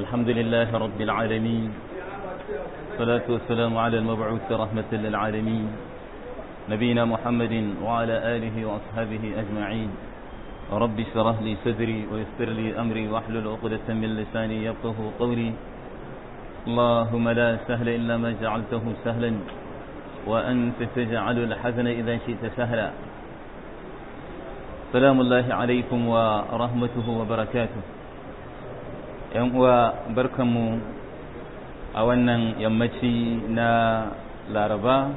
الحمد لله رب العالمين الصلاة والسلام على المبعوث رحمة للعالمين نبينا محمد وعلى آله وأصحابه أجمعين رب شرح لي صدري ويسر لي أمري واحلل عقدة من لساني يفقه قولي اللهم لا سهل إلا ما جعلته سهلا وأنت تجعل الحزن إذا شئت سهلا سلام الله عليكم ورحمته وبركاته yan uwa barkanmu a wannan yammaci na laraba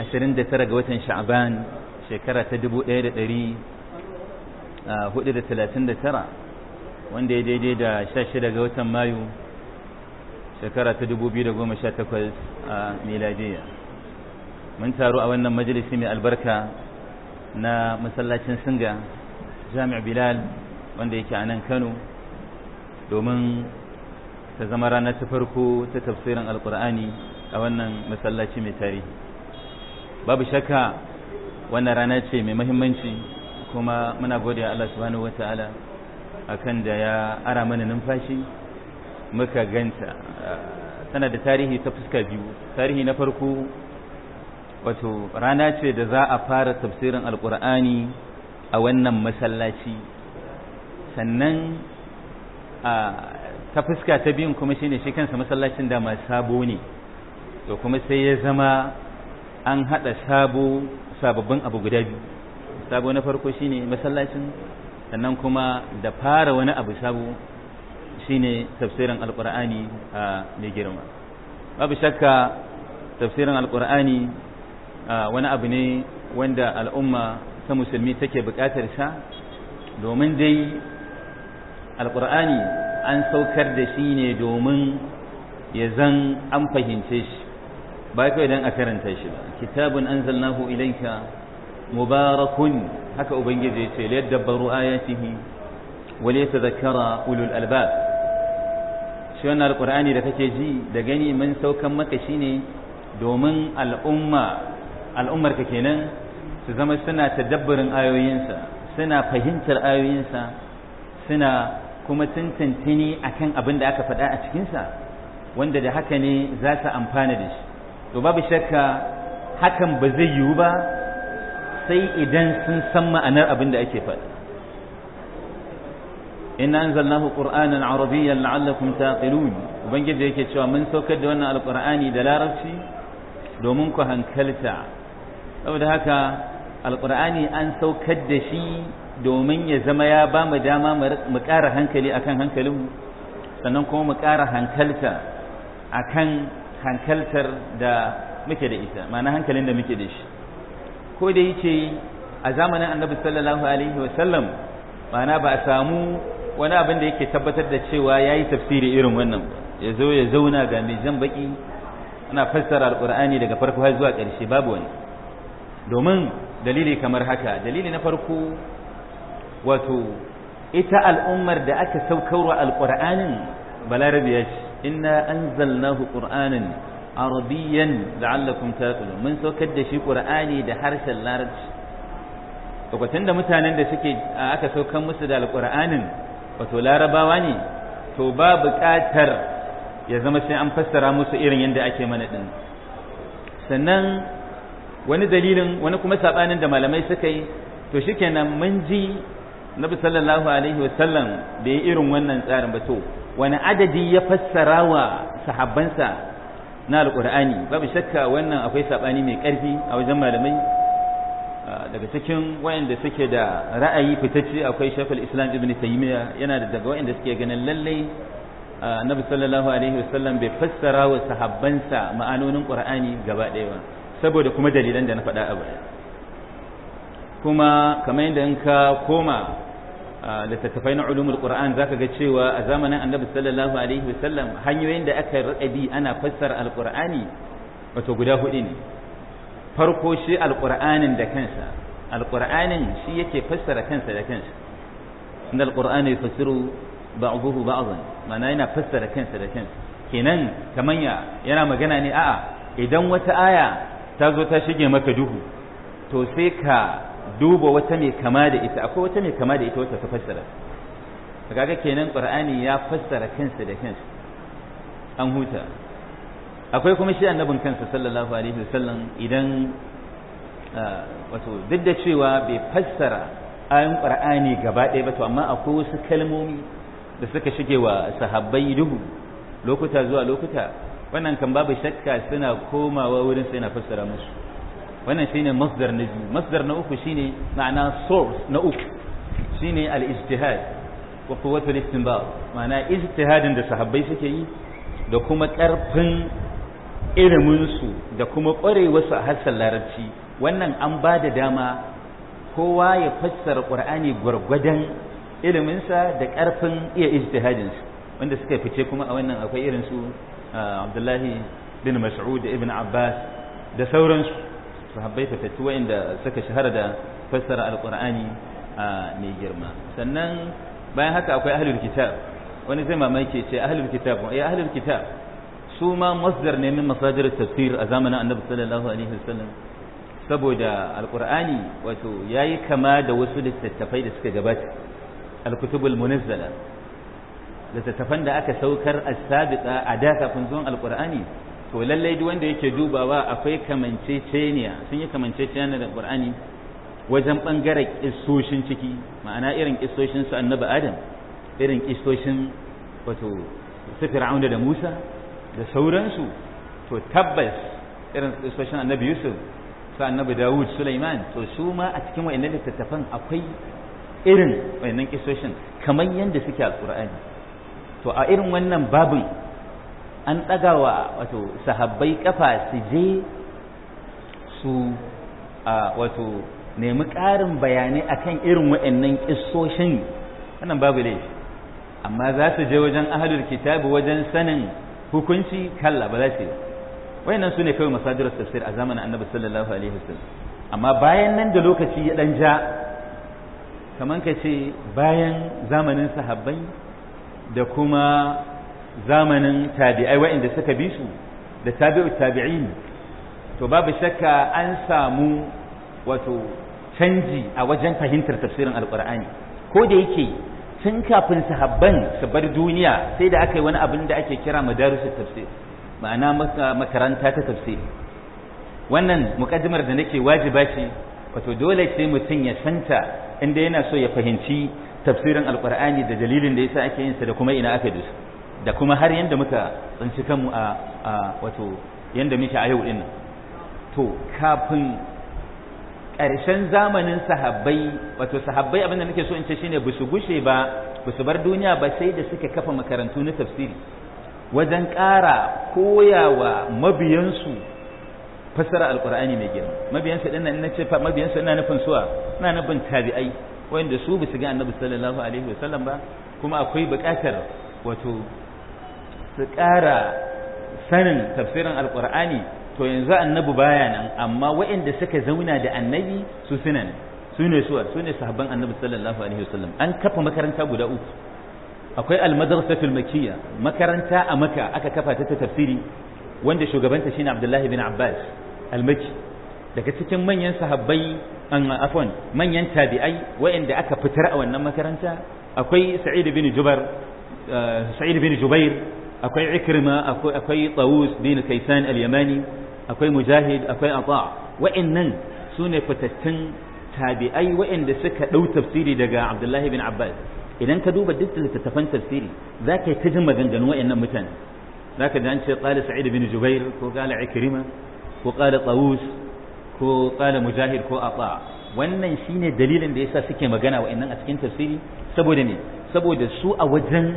29 ga watan sha'aban shekara ta 1439 wanda ya daidai da 16 ga watan mayu shekara ta 2018 a miladiyya mun taru a wannan majalisi mai albarka na masallacin singa jami'a bilal wanda yake a nan kano domin ta zama rana ta farko ta tafsirin alkur'ani a wannan masallaci mai tarihi babu shakka wannan rana ce mai mahimmanci kuma muna godiya Allah subhanahu wata'ala akan da ya ara mana numfashi muka ganta tana da tarihi ta fuska biyu tarihi na farko wato rana ce da za a fara tafsirin alkur'ani a wannan masallaci sannan ta fuska ta biyun kuma shine shi kansa masallacin da ma sabo ne to kuma sai ya zama an haɗa sabo sababbin abu guda biyu sabo na farko shine masallacin sannan kuma da fara wani abu sabo shine tafsirin alqur'ani mai girma babu shakka tafsirin alqur'ani wani abu ne wanda al'umma ta musulmi take bukatar sa domin dai alƙur'ani an saukar da shi ne domin ya zan an fahimce shi ba kawai don a karanta shi ba kitabun anzalnahu ilayka mubarakun haka ubangiji ya ce liyadabbaru ayatihi wa liyatadhakkara ulul albab shi wannan Alƙur'ani da kake ji da gani mun saukan maka shine domin al'umma al'ummar ka kenan su zama suna dabbarin ayoyinsa suna fahimtar ayoyinsa suna kuma sun tantini akan abin da aka faɗa a cikinsa wanda da haka ne za su amfana da shi to babu shakka hakan ba zai yiwu ba sai idan sun san ma'anar abin da ake faɗa inna anzalnahu qur'anan arabiyyan la'allakum taqilun ubangiji yake cewa mun saukar da wannan alqur'ani da larabci domin ku hankalta saboda haka alqur'ani an saukar da shi domin ya zama ya ba mu dama mu ƙara hankali akan hankalinmu sannan kuma mu ƙara hankalta akan hankaltar da muke da ita ma'ana hankalin da muke da shi ko da yake a zamanin annabi sallallahu alaihi wa sallam ma'ana ba a samu wani abin da yake tabbatar da cewa ya yi tafsiri irin wannan ya zo ya zauna ga mai jan baki ana fassara Alƙur'ani daga farko har zuwa ƙarshe babu wani domin dalili kamar haka dalili na farko wato ita al'ummar da aka saukarwa alqur'anin balarabiya ce inna anzalnahu qur'anan arabiyan la'allakum taqilun mun saukar da shi ƙur'ani da harshen larabci lokacin da mutanen da suke aka saukar musu da alqur'anin wato larabawa ne to ba buƙatar ya zama sai an fassara musu irin yadda ake mana ɗin. sannan wani dalilin wani kuma saɓanin da malamai suka yi to shikenan mun ji nabi sallallahu alaihi wasallam bai yi irin wannan tsarin ba to wani adadi ya fassara wa sahabbansa na alkur'ani babu shakka wannan akwai sabani mai karfi a wajen malamai ah, daga cikin wayanda suke da ra'ayi fitacce akwai shafal islam ibn taymiya yana da daga wayanda suke ganin lallai ah, nabi sallallahu alaihi wasallam bai fassara wa sahabbansa ma'anonin qur'ani gaba ɗaya ba saboda kuma dalilan da na faɗa a baya kuma kamar yadda in ka koma littattafai na ulumul qur'an zaka ga cewa a zamanin annabi sallallahu alaihi wasallam hanyoyin da aka rika bi ana fassara alqur'ani wato guda hudu ne farko shi alqur'anin da kansa alqur'anin shi yake fassara kansa da kansa inda alqur'ani yafsiru ba'dahu ba'dan ma'ana yana fassara kansa da kansa kenan kamanya yana magana ne a'a idan wata aya ta zo ta shige maka duhu to sai ka duba wata mai kama da ita akwai wata mai kama da ita wata ta fassara kaga kenan qur'ani ya fassara kansa da kansa an huta akwai kuma shi annabin kansa sallallahu alaihi wasallam idan ah, wato duk da cewa bai fassara ayin qur'ani gaba ɗaya ba to amma akwai wasu kalmomi da suka shige wa sahabbai duhu lokuta zuwa lokuta wannan kan babu shakka suna komawa wurin sai na fassara musu wannan shine masdar na biyu masdar na uku shine ma'ana source na uku shine al-ijtihad wa istinbat ma'ana ijtihadin da sahabbai suke yi da kuma karfin ilimin su da kuma ƙwarewar su a harshen larabci wannan an ba da dama kowa ya fassara qur'ani gwargwadon ilimin sa da karfin iya ijtihadin wanda suka fice kuma a wannan akwai irin su ah, Abdullahi bin Mas'ud ibn Abbas da sauransu sahabbai fatattu wa'inda suka shahara da fassara alqur'ani mai girma sannan bayan haka akwai ahlul kitab wani zai mamaki ce ahlul kitab ya eh, ahlul kitab su ma masdar ne min masajir tafsir a zamanin annabi sallallahu alaihi wasallam saboda alqur'ani wato yayi kama da wasu littattafai da suka gabata alkutubul munazzala littattafan da aka saukar as-sabiqa a da kafin zuwan alqur'ani to lallai duk wanda yake dubawa akwai kamanceceniya sun yi kamanceceniya da qur'ani wajen bangaren kisoshin ciki ma'ana irin kisoshin su annabi adam irin kisoshin wato su da musa da sauransu to tabbas irin kisoshin annabi yusuf su annabi dawud sulaiman to su ma a cikin wa'annan littattafan akwai irin wa'annan kisoshin kamar yadda suke a qur'ani to a irin wannan babin an ɗaga wa wato sahabbai ƙafa su je su wato nemi ƙarin bayanai akan irin wa'annan ƙissoshin wannan babu laifi amma za su je wajen ahalul kitabu wajen sanin hukunci kalla ba za su yi wayannan su ne kawai masajirar tafsir a zamanin annabi sallallahu alaihi wasallam amma bayan nan da lokaci ya ɗan ja kamar ka ce bayan zamanin sahabbai da kuma zamanin tabi'ai waɗanda suka bi su da tabi'u tabi'in to babu shakka an samu wato canji a wajen fahimtar tafsirin alqur'ani ko da yake tun kafin sahabban su bar duniya sai da aka yi wani abin da ake kira madarisu tafsir ma'ana makaranta ta tafsir wannan mukaddimar da nake wajiba ce wato dole sai mutum ya santa inda yana so ya fahimci tafsirin alqur'ani da dalilin da yasa ake yin sa da kuma ina aka dusa da kuma har yanda muka tsinci kanmu a wato yanda muke a yau ɗinnan to kafin ƙarshen zamanin sahabbai wato sahabbai abin nake so in ce shine su gushe ba su bar duniya ba sai da suka kafa makarantu na tafsiri wajen ƙara koyawa mabiyansu fassara alƙur'ani mai girma mabiyansu ɗin nan nace mabiyansu ina nufin suwa ina nufin tabi'ai wanda su bisu ga annabi sallallahu alaihi wasallam ba kuma akwai buƙatar wato su ƙara sanin tafsirin alƙur'ani to yanzu annabi baya nan amma waɗanda suka zauna da annabi su suna ne su ne suwa su ne sahabban annabi sallallahu alaihi wasallam an kafa makaranta guda uku akwai almadrasatul makiyya makaranta a maka aka kafa ta tafsiri wanda shugabanta shine abdullahi bin abbas almaki daga cikin manyan sahabbai an afwan manyan tabi'ai waɗanda aka fitar a wannan makaranta akwai sa'id bin jubar eh, sa'id bin jubair akwai ikrima akwai tsawus bin kaisan al-yamani akwai mujahid akwai ata wa'annan su ne fitattun tabi'ai wa'anda suka ɗau tafsiri daga abdullahi bin abbas idan ka duba duk littattafan tafsiri za ka yi ta jin maganganun wa'annan mutane za ka ji an ce ƙala sa'id bin jubair ko ƙala ikrima ko ƙala tsawus ko ƙala mujahid ko ata wannan shine dalilin da yasa suke magana wa'annan a cikin tafsiri saboda ne saboda su a wajen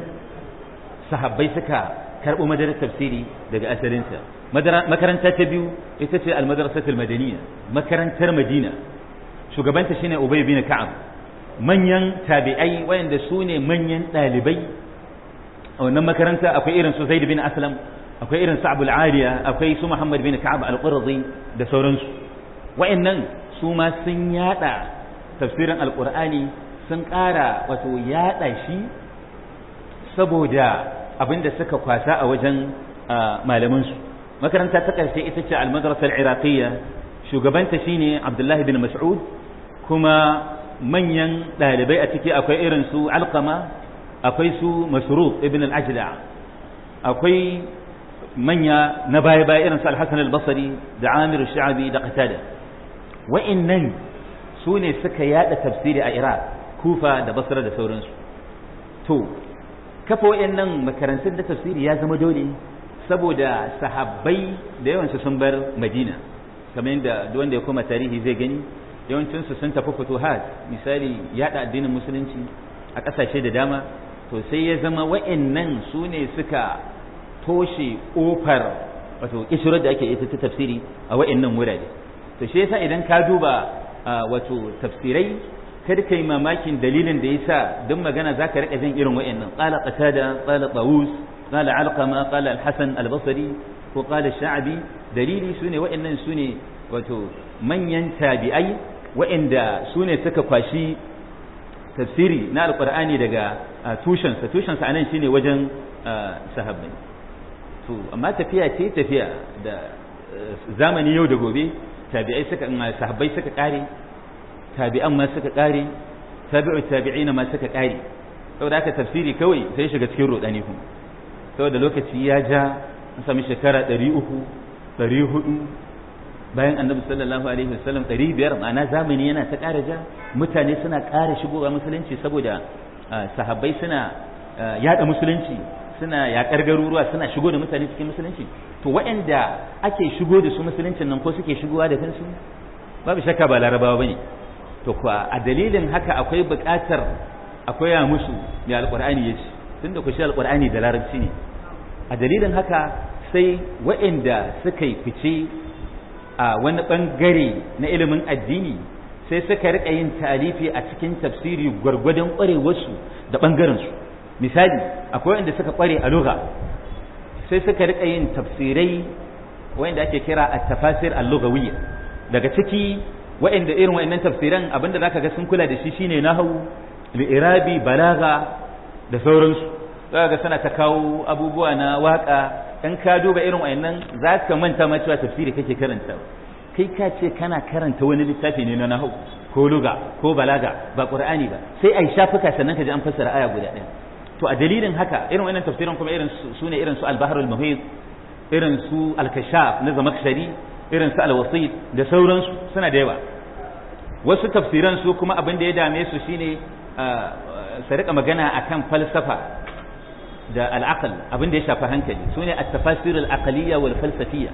sahabbai suka karɓo madarar tafsiri daga asalinsa makaranta ta biyu ita ce almadarasatul madaniya makarantar madina shugabanta shine ubay bin ka'ab manyan tabi'ai wayanda su ne manyan ɗalibai a wannan makaranta akwai irin su zaid bin aslam akwai irin su abul aliya akwai su muhammad bin ka'ab al-qurdi da sauransu wayannan su ma sun yada tafsirin alqur'ani sun ƙara wato yada shi saboda abinda suka kwasa a wajen malamansu makaranta ta ƙarshe ita ce almadrasar iraqiyya shugabanta shine abdullahi bin mas'ud kuma manyan ɗalibai a ciki akwai irin su alkama akwai su masruq ibn al akwai manya na baya baya irin su alhassan al da amir sha'abi da qatada wa'annan su ne suka yada tafsiri a iraq kufa da basra da sauransu to kafa wayannan makarantun da tafsiri ya zama dole saboda sahabbai da yawansu sun bar madina kamar yadda wanda ya koma tarihi zai gani yawancinsu sun tafi futuhat misali yada addinin musulunci a ƙasashe da dama to sai ya zama wa'annan su ne suka toshe ƙofar wato kishirar da ake ita ta tafsiri a wa'annan wurare to shi yasa idan ka duba wato tafsirai kar kai mamakin dalilin da ya sa duk magana za ka rika jin irin wayannan qala qatada qala tawus qala alqama qala alhasan albasari ko qala sha'bi dalili sune wayannan sune wato manyan tabi'ai wayanda sune suka kwashi tafsiri na alƙur'ani daga tushensa tushensa anan shine wajen sahabbai to amma tafiya ce tafiya da zamani yau da gobe tabi'ai suka sahabbai suka kare tabi'an ma suka kare tabi'u tabi'ina ma suka kare saboda aka tafsiri kawai sai shiga cikin rodani kuma saboda lokaci ya ja an sami shekara 300 400 bayan annabi sallallahu alaihi wasallam 500 ma'ana zamani yana ta ƙara ja mutane suna ƙara shigowa musulunci saboda ah, sahabbai suna ah, yada musulunci suna ya garuruwa suna shigo da mutane cikin musulunci to waɗanda ake shigo da su musuluncin nan ko suke shigowa da kansu babu shakka ba larabawa bane to kuwa a dalilin haka akwai buƙatar akwai ya musu mai alƙur'ani ya ce tun da ku alƙur'ani da larabci ne a dalilin haka sai waɗanda suka yi fice a wani ɓangare na ilimin addini sai suka riƙa yin talifi a cikin tafsiri gwargwadon ƙwarewarsu da ɓangarensu misali akwai waɗanda suka ƙware a sai suka riƙa yin tafsirai wanda ake kira a tafasir al wuya daga ciki wa'anda irin wa'annan tafsiran abinda zaka ga sun kula da shi shine nahwu li'irabi balaga da sauransu zaka ga suna ta kawo abubuwa na waka in ka duba irin wa'annan zaka manta ma cewa tafsiri kake karanta kai ka ce kana karanta wani littafi ne na nahwu ko luga ko balaga ba qur'ani ba sai ai shafuka sannan ka ji an fassara aya guda ɗaya to a dalilin haka irin wa'annan tafsiran kuma irin su ne irin su al-bahr al-muhit irin su al-kashaf na zamakshari irin su alwasi da sauransu suna da yawa wasu tafsiran su kuma abin da ya dame su shine ah, su rika magana akan falsafa da al'aqal abin da ya shafi hankali sune at-tafasir al-aqliyya wal falsafiyya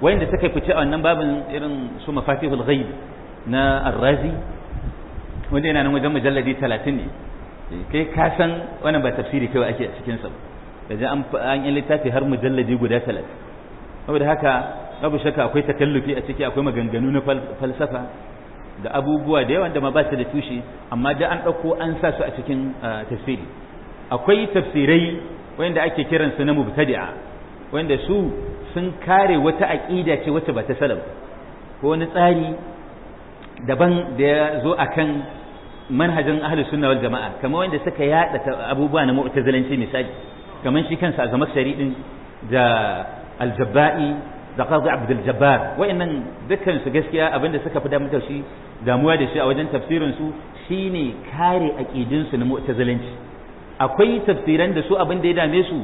wanda suka fice a wannan babin irin su mafatihul ghaib na ar-razi wanda yana nan wajen mujalladi 30 ne eh, kai ka san wannan ba tafsiri kai ake cikin sa an yi littafi har mujalladi guda 30 saboda haka babu shaka akwai takallufi a ciki akwai maganganu na falsafa da abubuwa da yawa da ma ba su da tushe amma da an ɗauko an sa su a cikin tafsiri akwai tafsirai wanda ake kiran su na mubtadi'a wanda su sun kare wata aƙida ce wacce ba ta salaf ko wani tsari daban da ya zo akan manhajin ahlus sunna wal jama'a kamar wanda suka yada abubuwa na mu'tazilanci misali kamar shi kansa a sharidin da al-jabba'i da qadi abdul jabbar wayannan dukkan su gaskiya abinda suka fi damu da shi damuwa da shi a wajen tafsirin su shine kare aqidin su na mu'tazilanci akwai tafsiran da su abin da ya dame su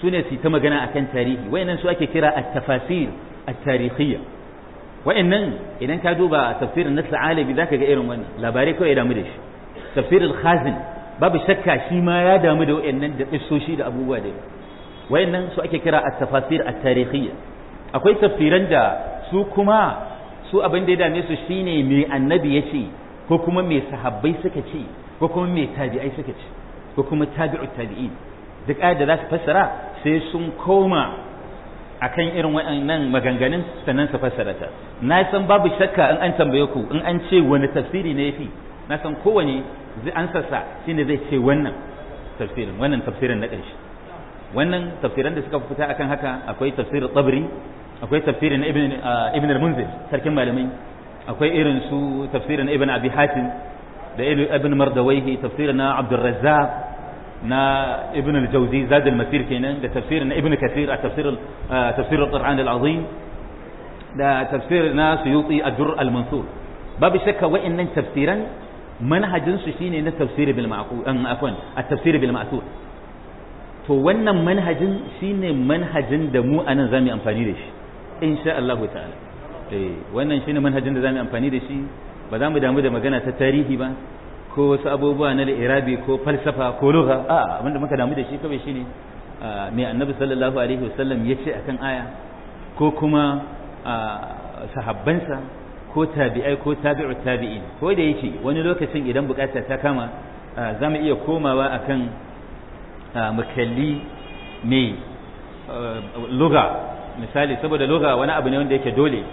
sune su ta magana akan tarihi wayannan su ake kira at-tafasir at-tarihiyya wayannan idan ka duba tafsirin nasr alibi zaka ga irin wannan labarai kawai ya damu da shi tafsirul khazin babu shakka shi ma ya damu da wayannan da kissoshi da abubuwa da wayannan su ake kira at-tafasir at-tarihiyya akwai tafsiran da su kuma su abin da ya dame su shine me annabi ya ce ko kuma me sahabbai suka ce ko kuma me tabi'ai suka ce ko kuma tabi'u tabi'i duk ayar da za su fassara sai sun koma akan irin waɗannan maganganun sannan su fassara ta na san babu shakka in an tambaye ku in an ce wani tafsiri ne yafi na san kowane an sassa shine zai ce wannan tafsirin wannan tafsirin na ƙarshe wannan tafsiran da suka fita akan haka akwai tafsirin tsabri akwai tafsirin na ah, ibn al-munzir sarkin malamai akwai irin su tafsirin ibn abi hatim da ibn mardawaihi tafsirin na abdurrazzaq na ibn al-jawzi zad al-masir kenan da tafsirin na ibn kathir a tafsir ah, tafsir al-qur'an al-azim da tafsir na suyuti ad-dur al-mansur babu shakka wa'annan tafsiran manhajin su shine na tafsir bil ma'qul an afwan at-tafsir bil ma'thur to wannan manhajin shine manhajin da mu anan zamu amfani da shi insha Allah ta'ala eh wannan shine manhajin da zamu amfani da shi ba za mu damu da magana ta tarihi ba ko wasu abubuwa na irabi ko falsafa ko lugha a abinda muka damu da shi kawai shine mai annabi sallallahu alaihi wasallam ya ce akan aya ko kuma sahabbansa ko tabi'ai ko tabi'u tabi'in ko da yake wani lokacin idan bukata ta kama za mu iya komawa akan mukalli mai lugha misali saboda lugha wani abu ne wanda yake dole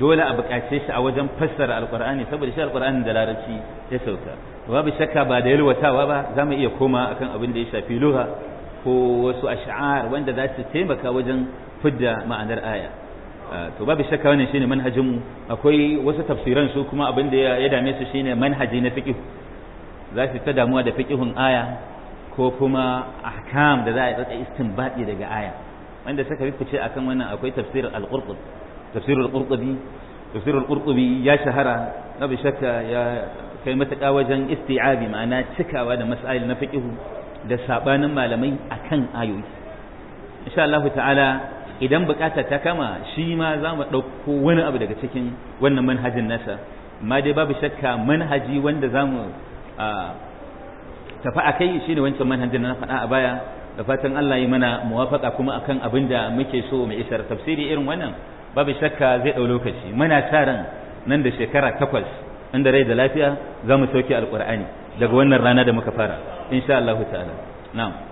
dole a bukace shi a wajen fassara alƙur'ani saboda shi alƙur'ani da larabci ya sauka babu shakka ba da yalwatawa ba za mu iya koma akan abin da ya shafi lugha ko wasu ash'ar wanda za su taimaka wajen fidda ma'anar aya to babu shakka wannan shine manhajin mu akwai wasu tafsiran su kuma abin da ya dame su shine manhaji na fiqh za su ta damuwa da fiqhun aya ko kuma ahkam da za a yi istinbadi daga aya wanda suka yi fice akan wannan akwai tafsir al-qurtubi tafsir al-qurtubi tafsir al-qurtubi ya shahara na bi shakka ya kai matuka wajen isti'abi ma'ana cikawa da masail na fiqh da sabanin malamai akan ayoyi insha Allah ta'ala idan bukata ta kama shi ma za mu ɗauko wani abu daga cikin wannan manhajin nasa ma dai babu shakka manhaji wanda za mu tafi a kai shi ne wancan manhajin na faɗa a baya da fatan Allah yi mana muwafaka kuma akan abin da muke so mu isar tafsiri irin wannan babu shakka zai ɗau lokaci muna sa ran nan da shekara takwas inda rai da lafiya za mu sauke alƙur'ani daga wannan rana da muka fara insha Allah ta'ala na'am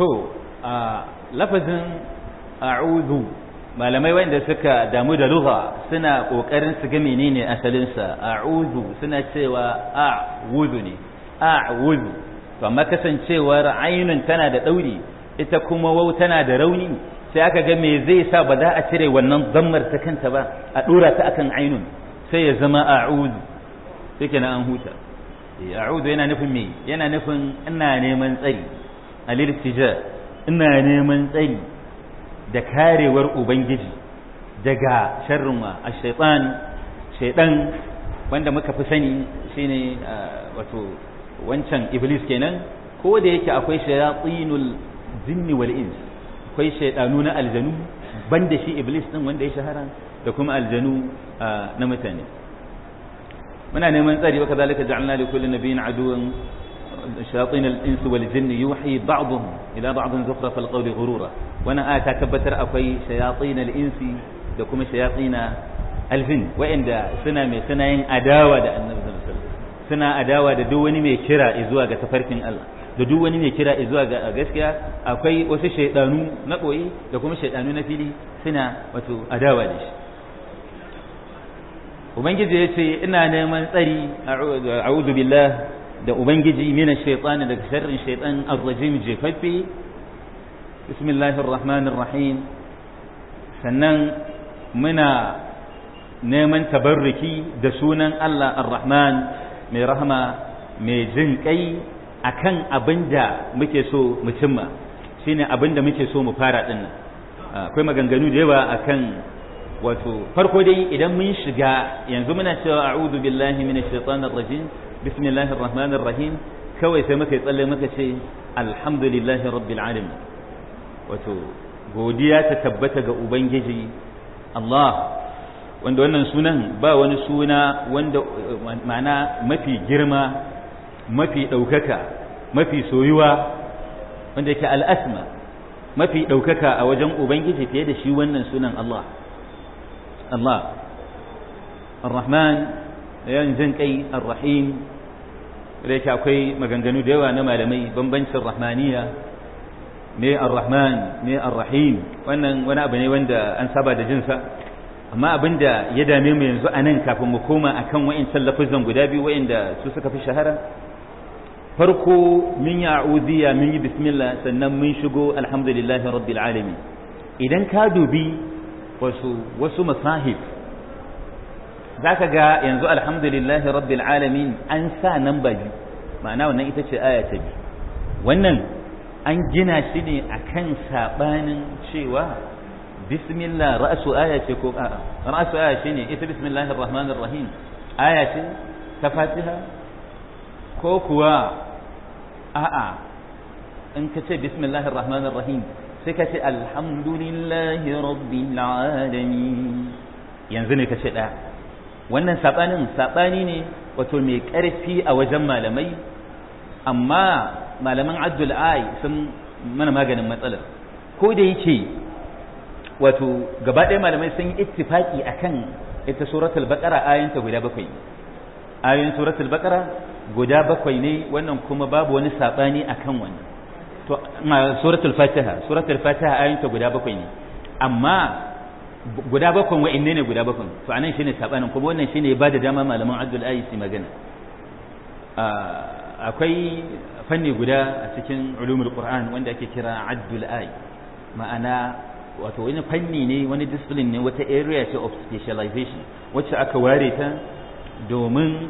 to a lafazin a'udhu malamai wanda suka damu da lugha suna kokarin su ga menene asalinsa sa a'udhu suna cewa a'udhu ne a'udhu to amma kasancewar ainun tana da dauri ita kuma wau tana da rauni sai aka ga me zai sa ba za a cire wannan zammar ta kanta ba a dora ta akan ainun sai ya zama a'udhu sai kenan an huta eh, a'udhu yana nufin me yana nufin ina neman tsari alirtija ina neman tsayi da karewar ubangiji daga sharrin wa shaitan shaitan wanda muka fi sani shine wato wancan iblis kenan ko da yake akwai shayatinul jinni wal ins akwai shaidanu na aljanu banda shi iblis din wanda ya shahara da kuma aljanu na mutane muna neman tsari wa kazalika ja'alna li kulli nabiyyin aduwan shayatin al-insu wal jinni yuhi ba'dhum ila ba'dhin zukhraf al-qawl ghurura wannan aya ta tabbatar akwai shayatin al da kuma shayatin al-jin suna mai suna yin adawa da annabi sallallahu alaihi wasallam suna adawa da duk wani mai kira zuwa ga tafarkin Allah da duk wani mai kira zuwa ga gaskiya akwai wasu shaydanu na koyi da kuma shaydanu na fili suna wato adawa da shi ubangiji ya ce ina neman tsari a'udhu billah da ubangiji mina shaytan daga sharrin shaytan ar-rajim jefaffe bismillahir rahmanir rahim sannan muna neman tabarruki da sunan Allah ar-rahman mai rahama mai jin kai akan abin da muke so mu cimma shine abinda muke so mu fara din akwai maganganu da yawa akan wato farko dai idan mun shiga yanzu muna cewa a'udhu billahi minash shaitanir rajim bismillahir rahmanir rahim kawai sai muka yi tsalle muka ce alhamdulillahi rabbil alamin wato godiya ta tabbata ga ubangiji Allah wanda wannan sunan ba wani suna wanda ma'ana mafi girma mafi ɗaukaka mafi soyuwa wanda yake al'asma mafi ɗaukaka a wajen ubangiji fiye da shi wannan sunan Allah Allah ar-Rahman yan jin kai ar-rahim da yake akwai maganganu da yawa na malamai bambancin rahmaniya ne ar-rahman ne wannan wani abu ne wanda an saba da jinsa amma abin da ya dame mu yanzu anan kafin mu koma akan wa'incan lafazan guda biyu wa'inda su suka fi shahara farko min ya uziya min yi bismillah sannan mun shigo alhamdulillahi rabbil alamin idan ka dubi wasu wasu masahif za ka ga yanzu alhamdulillahi rabbil alamin an sa nan ba biyu ma'ana wannan ita ce aya ta biyu wannan an gina shi ne akan saɓanin cewa bismillah ra'su aya ce ko a'a ra'su aya ne ita bismillahir rahmanir rahim aya ce ta fatiha ko kuwa a'a in ka ce bismillahir rahmanir rahim sai ka ce alhamdulillahi rabbil alamin yanzu ne ka ce ɗaya wannan sabanin saɓani ne wato mai karfi a wajen malamai amma malaman abdul ai sun mana maganin matsalar ko da yake wato gabaɗaya malamai sun yi ittifaki akan ita suratul baqara ayanta guda bakwai ayoyin suratul baqara guda bakwai ne wannan kuma babu wani sabani akan wannan to suratul fatiha suratul fatiha ayanta guda bakwai ne amma guda bakon wa'in ne guda bakon to anan shine sabanin kuma wannan shine ya bada dama malaman abdul ayi su magana akwai fanni guda a cikin ulumul qur'an wanda ake kira abdul ayi ma'ana wato wani fanni ne wani discipline ne wata area ce of specialization wacce aka ware ta domin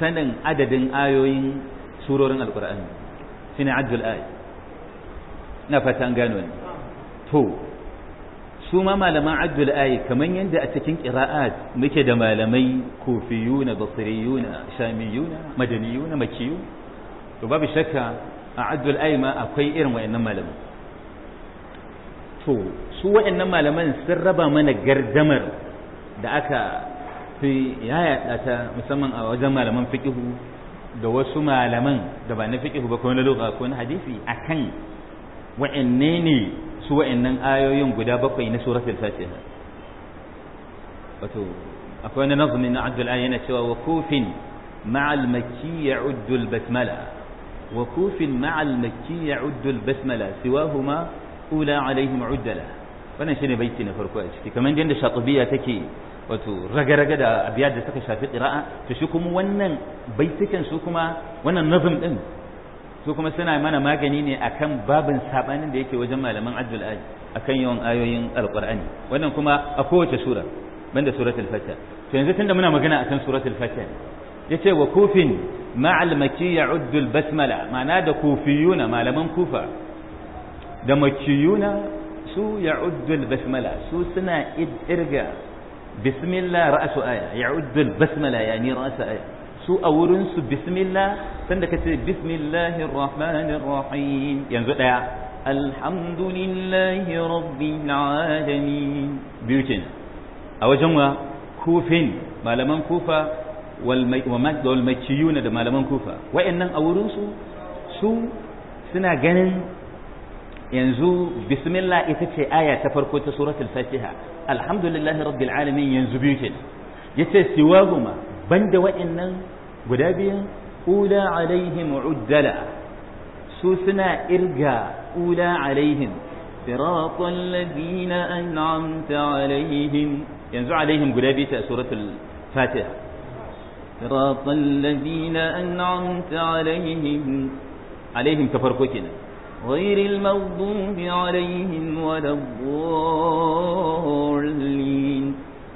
sanin adadin ayoyin surorin alqur'ani shine abdul ayi na fata an gano ne to su ma malaman addul ayi kaman yadda a cikin qira'at muke da malamai kufiyuna basriyuna shamiyuna madaniyuna makiyu to babu shakka a addul ayi ma akwai irin wayannan malaman to su wayannan malaman sun raba mana gardamar da aka fi yaya ɗata musamman a wajen malaman fiqihu da wasu malaman da ba na fiqihu ba ko na lugha ko na hadisi akan wayanne ne su wa'annan ayoyin guda bakwai na suratul fatiha wato akwai wani nazumin na abdul ayyana cewa wa kufin ma'al makki ya'uddu al-basmala wa kufin ma'al makki ya'uddu al-basmala siwahuma ula alaihim uddala wannan shine baiti na farko a ciki kamar yadda shatibiya take wato raga da abiyar da suka shafi qira'a to shi kuma wannan baitikan su kuma wannan nazum din su kuma suna mana magani ne akan babin sabanin da yake wajen malaman ajul aji akan yawan ayoyin alqur'ani wannan kuma a kowace sura banda suratul fatiha to yanzu tunda muna magana akan suratul fatiha yace wa kufin ma'al makiyya uddul basmala ma'ana da kufiyuna malaman kufa da makiyuna su ya'uddul basmala su suna irga bismillah ra'su aya ya'uddul basmala yani ra'su aya su a wurin bismillah sanda ka ce bismillahir rahmanir rahim yanzu daya alhamdulillahi rabbil alamin biyu kenan a wajen wa kufin malaman kufa wal makiyuna da malaman kufa wayannan a wurin su suna ganin yanzu bismillah ita ce aya ta farko ta suratul fatiha alhamdulillahi rabbil alamin yanzu biyu ke yace siwahuma banda wa'annan guda biyun ula alaihim uddala su suna irga ula alaihim siratun ladina an'amta alaihim yanzu alaihim guda biyu ta suratul fatiha siratun ta farko kenan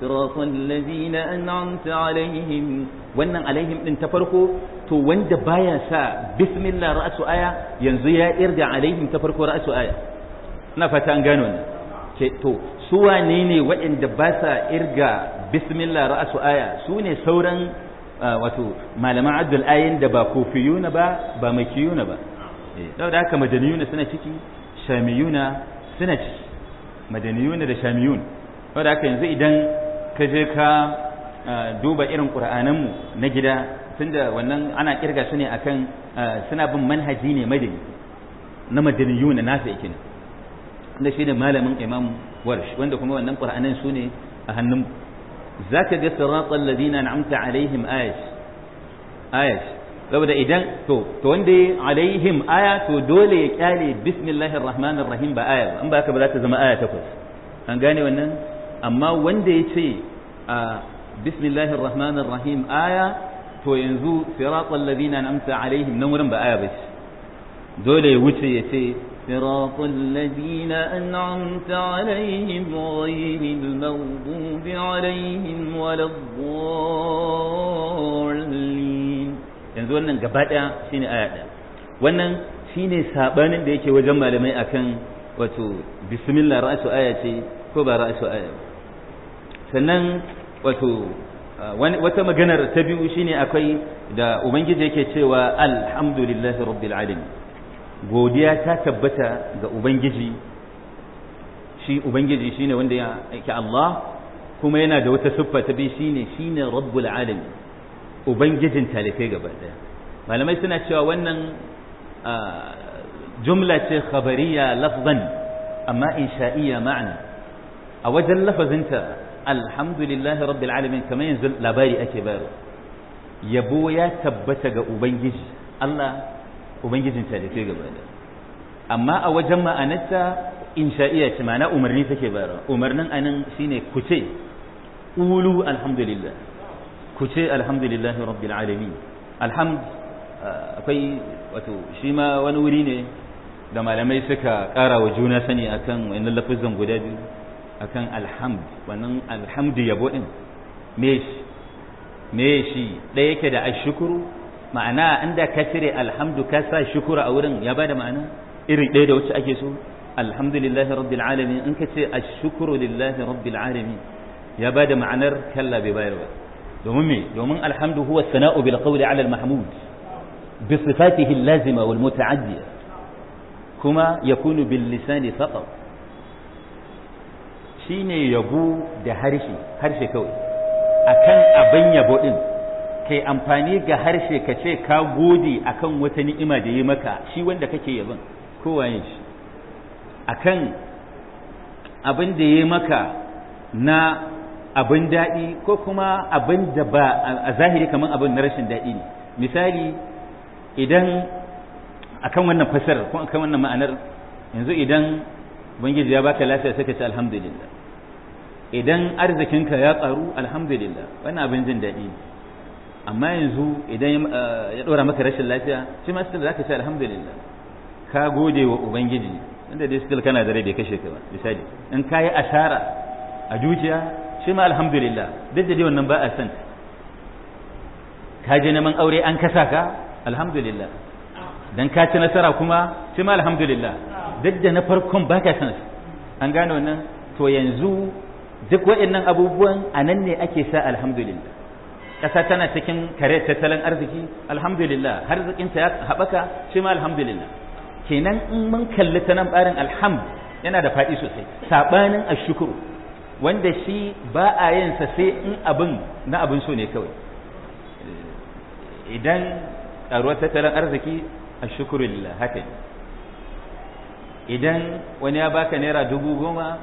صراط الذين أنعمت عليهم وأن عليهم إن تفرقوا تو وند بايا سا بسم الله رأس آية ينزو يا إرجع عليهم تفرقوا رأس آية نفتا أنقانون تو سوى نيني وإن دباسا إرجع بسم الله رأس آية سوني سورا wato malaman addul ayin da ba kofiyuna ba ba makiyuna ba da haka madaniyuna suna ciki shamiyuna suna ciki madaniyuna da shamiyun da haka yanzu idan ka je ka duba irin ƙur'ananmu na gida tunda wannan ana kirga su ne akan suna bin manhaji ne madani na yiwu na nasa ikin da shi da malamin imam warsh wanda kuma wannan qur'anin su ne a hannun ka ga siratal ladina amta alaihim ayat ayat saboda idan to to wanda alaihim aya to dole ya kyale bismillahir rahmanir rahim ba aya ba an ba ka ba za ta zama aya takwas an gane wannan amma wanda ya ce a bismillahir rahmanir rahim aya to yanzu siratal ladina an'amta alaihim nan wurin ba aya ba ce dole ya wuce ya ce siratal ladina an'amta alaihim ghayril maghdubi alaihim waladdallin yanzu wannan gaba daya shine aya daya wannan shine sabanin da yake wajen malamai akan wato bismillah ra'su aya ce ko ba ra'su aya ba sannan wato wata maganar ta biyu shine akwai da ubangiji yake cewa alhamdulillahi rabbil alamin godiya ta tabbata ga ubangiji shi ubangiji shine wanda yake Allah kuma yana da wata siffa ta biyu shine shine rabbul alamin ubangijin talikai gaba daya malamai suna cewa wannan jumla ce khabariya lafzan amma insha'iyya ma'ana a wajen lafazinta alhamdulillahi rabbil alamin kamar yanzu labari ake bayarwa yabo ya tabbata ga ubangiji Allah ubangijin ta da ke gaba da amma a wajen ma'anarta insha'iya ce ma'ana umarni take bayarwa umarnin anan shine ku ce ulu alhamdulillah ku ce alhamdulillahi rabbil alamin alhamd akwai wato shi ma wani wuri ne da malamai suka ƙara wa juna sani akan wannan lafazan guda biyu akan alhamd wannan alhamdu yabo din me shi me shi da yake da ashkuru ma'ana inda ka cire alhamdu ka sa shukuru a wurin ya bada ma'ana irin ɗaya da wacce ake so alhamdulillahi rabbil alamin in ka ce ashkuru lillahi rabbil alamin ya bada ma'anar kalla bai bayar ba domin me domin alhamdu huwa sana'u bil qawli ala al mahmud bi sifatihi al lazima wal muta'addiya kuma yakunu bil lisani faqat shine yabo da harshe harshe kawai akan abin yabo din kai amfani ga harshe ka ce ka gode akan wata ni'ima da yi maka shi wanda kake yabon ko yin shi akan abin da yi maka na abin daɗi ko kuma abin da ba a zahiri kamar abin na rashin daɗi ne misali idan akan wannan fasar ko akan wannan ma'anar yanzu idan ubangiji ya baka lafiya sai ka ce alhamdulillah idan arzikinka ya karu alhamdulillah wannan abin jin daɗi amma yanzu idan eh, ya ɗora maka rashin lafiya shi ma still za ka ce alhamdulillah ka gode wa ubangiji inda dai still kana da rai bai kashe ka ba misali in ka yi asara a dukiya shi ma alhamdulillah duk da dai wannan ba a san ka je neman aure an kasa ka alhamdulillah dan ka ci nasara kuma shi ma alhamdulillah duk da na farkon baka san su an gane wannan to yanzu duk waɗannan abubuwan a nan ne ake sa alhamdulillah ƙasa tana cikin kare tattalin arziki alhamdulillah zikinta ya haɓaka shi ma alhamdulillah kenan in mun kalli ta nan ɓarin alhamd yana da faɗi sosai saɓanin ashukuru wanda shi ba a yin sa sai in abin na abin so ne kawai idan ƙaruwar tattalin arziki ashukurulillah haka ne idan wani ya baka naira dubu goma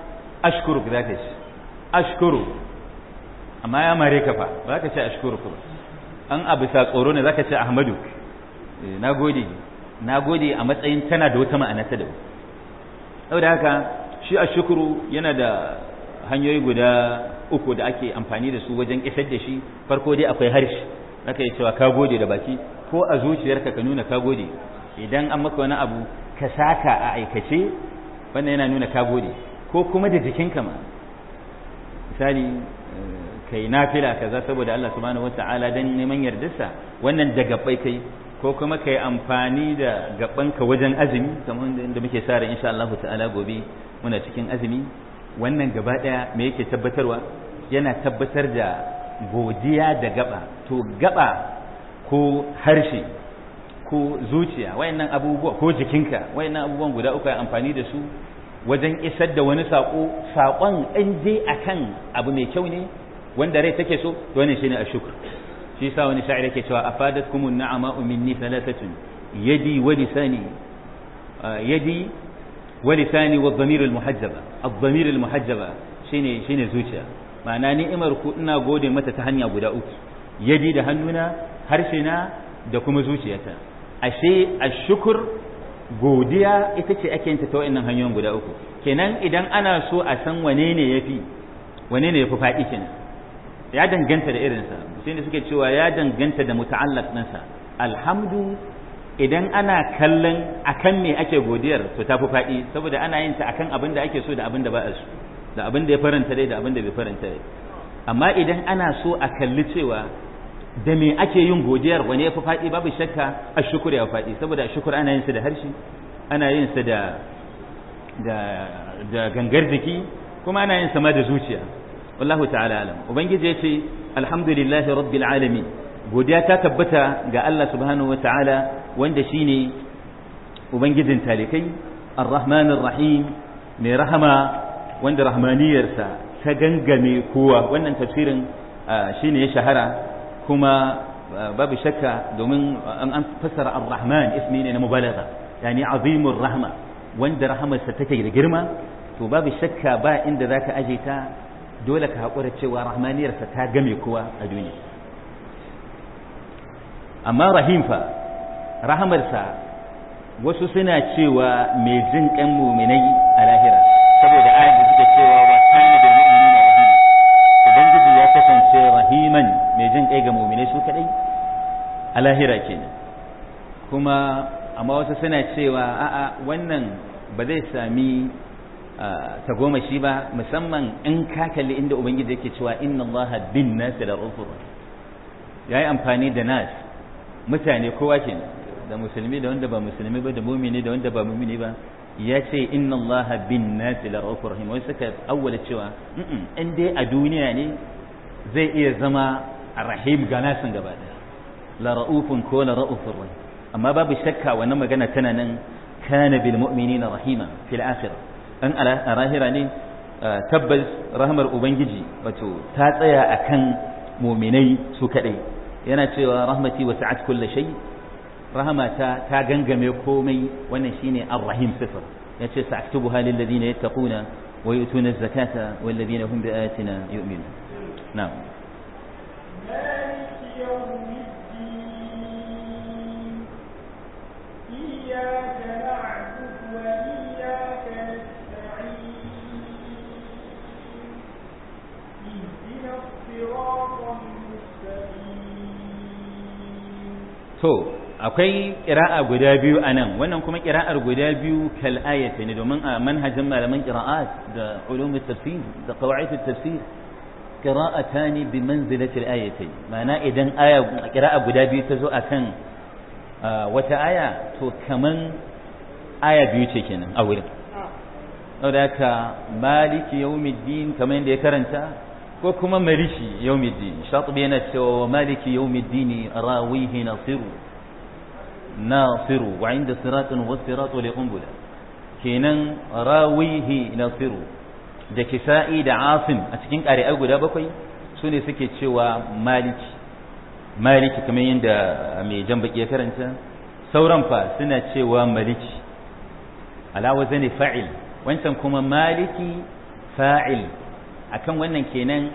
ashkuruk za ka ce ashkuru amma ya mare ka fa ba ka ce ashkuruk ba an abu sa tsoro ne za ka ce ahmadu eh, na gode na gode a matsayin tana da wata ma'ana ta daban da haka shi ashkuru yana da hanyoyi guda uku da ake amfani da su wajen isar da shi farko dai akwai harshe ka yi cewa ka gode da baki ko a zuciyarka ka nuna ka gode idan an maka wani abu ka saka a aikace wannan yana nuna ka gode ko kuma da jikinka ma misali eh, kai nafila kaza saboda Allah subhanahu wata'ala dan neman yardarsa wannan da gaɓai kai ko kuma kai amfani da gabanka wajen azumi kamar inda muke sa ra insha Allah ta'ala gobe muna cikin azumi wannan gaba daya me yake tabbatarwa yana tabbatar da godiya da gaba to gaba ko harshe ko zuciya wayannan abubuwa ko jikinka wayannan abubuwan guda uku amfani da su wajen isar da wani sako sakon an je akan abu mai kyau ne wanda rai take so to wannan shine ashukr shi yasa wani sha'ir yake cewa afadatkumun ni'ama minni thalathatun yadi wa lisani ah, yadi wa lisani wa dhamir al muhajjaba ad-dhamir al muhajjaba shine shine zuciya ma'ana ni'imar ku ina gode mata ta hanya guda uku yadi da hannuna harshe na da kuma zuciyata ashe ashukur godiya ita ce ake yin ta wa'annan hanyoyin guda uku kenan idan ana so a san wane ne yafi wane ne yafi faɗi kenan ya danganta da irinsa sai da suke cewa ya danganta da muta'allaq ɗinsa alhamdu idan ana kallon akan me ake godiyar to tafi faɗi saboda ana yin ta akan abin da ake so da abin da ba a da abin da ya faranta dai da abin da bai faranta dai amma idan ana so a kalli cewa da me ake yin godiyar wani ya fi faɗi babu shakka a shukur ya faɗi saboda shukur ana yin sa da harshe ana yin sa da da gangar jiki kuma ana yin sa ma da zuciya wallahu ta'ala alam ubangiji ya ce alhamdulillahi rabbil alamin godiya ta tabbata ga Allah subhanahu wataala wanda shine ubangijin talikai arrahmanir rahim mai rahama wanda rahmaniyarsa ta gangame kowa wannan tafsirin ah, shine ya shahara kuma eh, babu shakka domin eh, an fassara ar-rahman ismi ne na mubalagha yani azimur rahma wanda rahamarsa take da girma to babu shakka ba inda zaka aje ta dole ka haƙura cewa rahmaniyarsa ta game kowa a duniya amma rahim fa rahamarsa wasu suna cewa mai jin kan muminai a lahira a lahira kenan kuma amma wasu suna cewa a'a wannan ba zai sami tagomashi ba musamman in ka kalli inda ubangiji yake cewa inna allaha bin nasi da ya yi amfani da nas mutane kowa kenan da musulmi da wanda ba musulmi ba da mumini da wanda ba mumini ba ya ce inna allaha bin nasi la rahufur rahim wai suka awwala cewa in dai a duniya ne zai iya zama rahim ga nasin gaba daya la ra'ufun ko la ra'ufur rahim amma babu shakka wannan magana tana nan kana bil mu'minina rahima fil akhirah arahira ne tabbas rahmar ubangiji wato ta tsaya a kan mu'minai su kadai yana cewa rahmati wasa'at kulli shay rahmata ta gangame komai wannan shine ar-rahim sifar yace sa'tubuha lil ta yattaquna wa yu'tuna az-zakata wal ladina hum bi ayatina yu'minun na'am to akwai ƙira'a guda biyu a nan wannan kuma ƙira'ar guda biyu kal ayata ne domin a manhajin malaman ƙira'at da ulumul tafsir da qawaidut tafsir qira'atan bi manzilatil ayatayn ma'ana idan aya ƙira'a guda biyu ta zo akan wata aya to kaman aya biyu ce kenan a wurin ah. saboda haka maliki yawmiddin kaman da ya karanta ko kuma marishi yawmiddin shatibi yana cewa maliki yawmiddin rawihi nasiru nasiru wa inda siratun wa siratu li qumbula kenan rawihi nasiru da kisa'i da asim a cikin ƙari'ar guda bakwai su ne suke cewa maliki maliki kamar yadda mai jan baki ya karanta sauran fa suna cewa maliki alawa zane fa'il wancan kuma maliki fa'il akan wannan kenan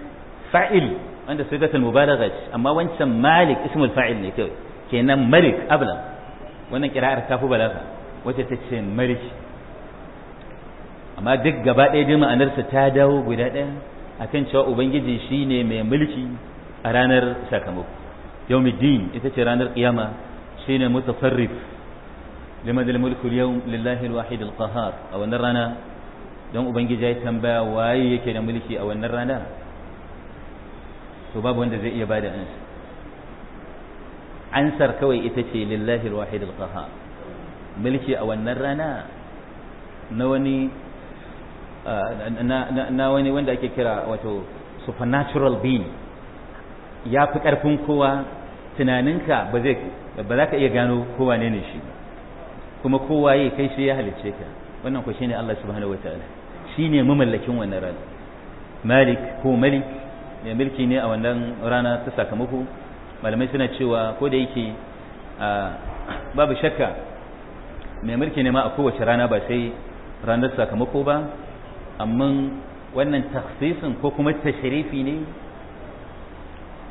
fa'il wanda sigatul mubalagha ce amma wancan malik ismul fa'il ne kai kenan malik ablam wannan kira'ar ta fi balaga wace ta ce malik amma duk gaba ɗaya dai ma'anarsa ta dawo guda ɗaya akan cewa ubangiji shine mai mulki a ranar sakamako yawmiddin ita ce ranar kiyama shine mutafarrif liman al mulku al yawm lillahi al wahid al qahhar a wannan rana don ubangiji ya tambaya waye yake da mulki a wannan rana to babu wanda zai iya bada ansa ansar kawai ita ce lillahi alwahid alqahar mulki a wannan rana na wani ah, na wani wanda ake kira wato supernatural being ya fi karfin kowa tunaninka ba zai ba za ka iya gano kowa ne ne shi kuma kowa ya kai shi ya halicce ka wannan ku shine Allah subhanahu wataala Shi ne mamallakin wannan rana malik ko malik mai mulki ne a wannan rana ta sakamako malamai suna cewa ko da yake babu shakka mai mulki ne ma a kowace rana ba sai ranar sakamako ba amma wannan taksisin ko kuma tashrifi ne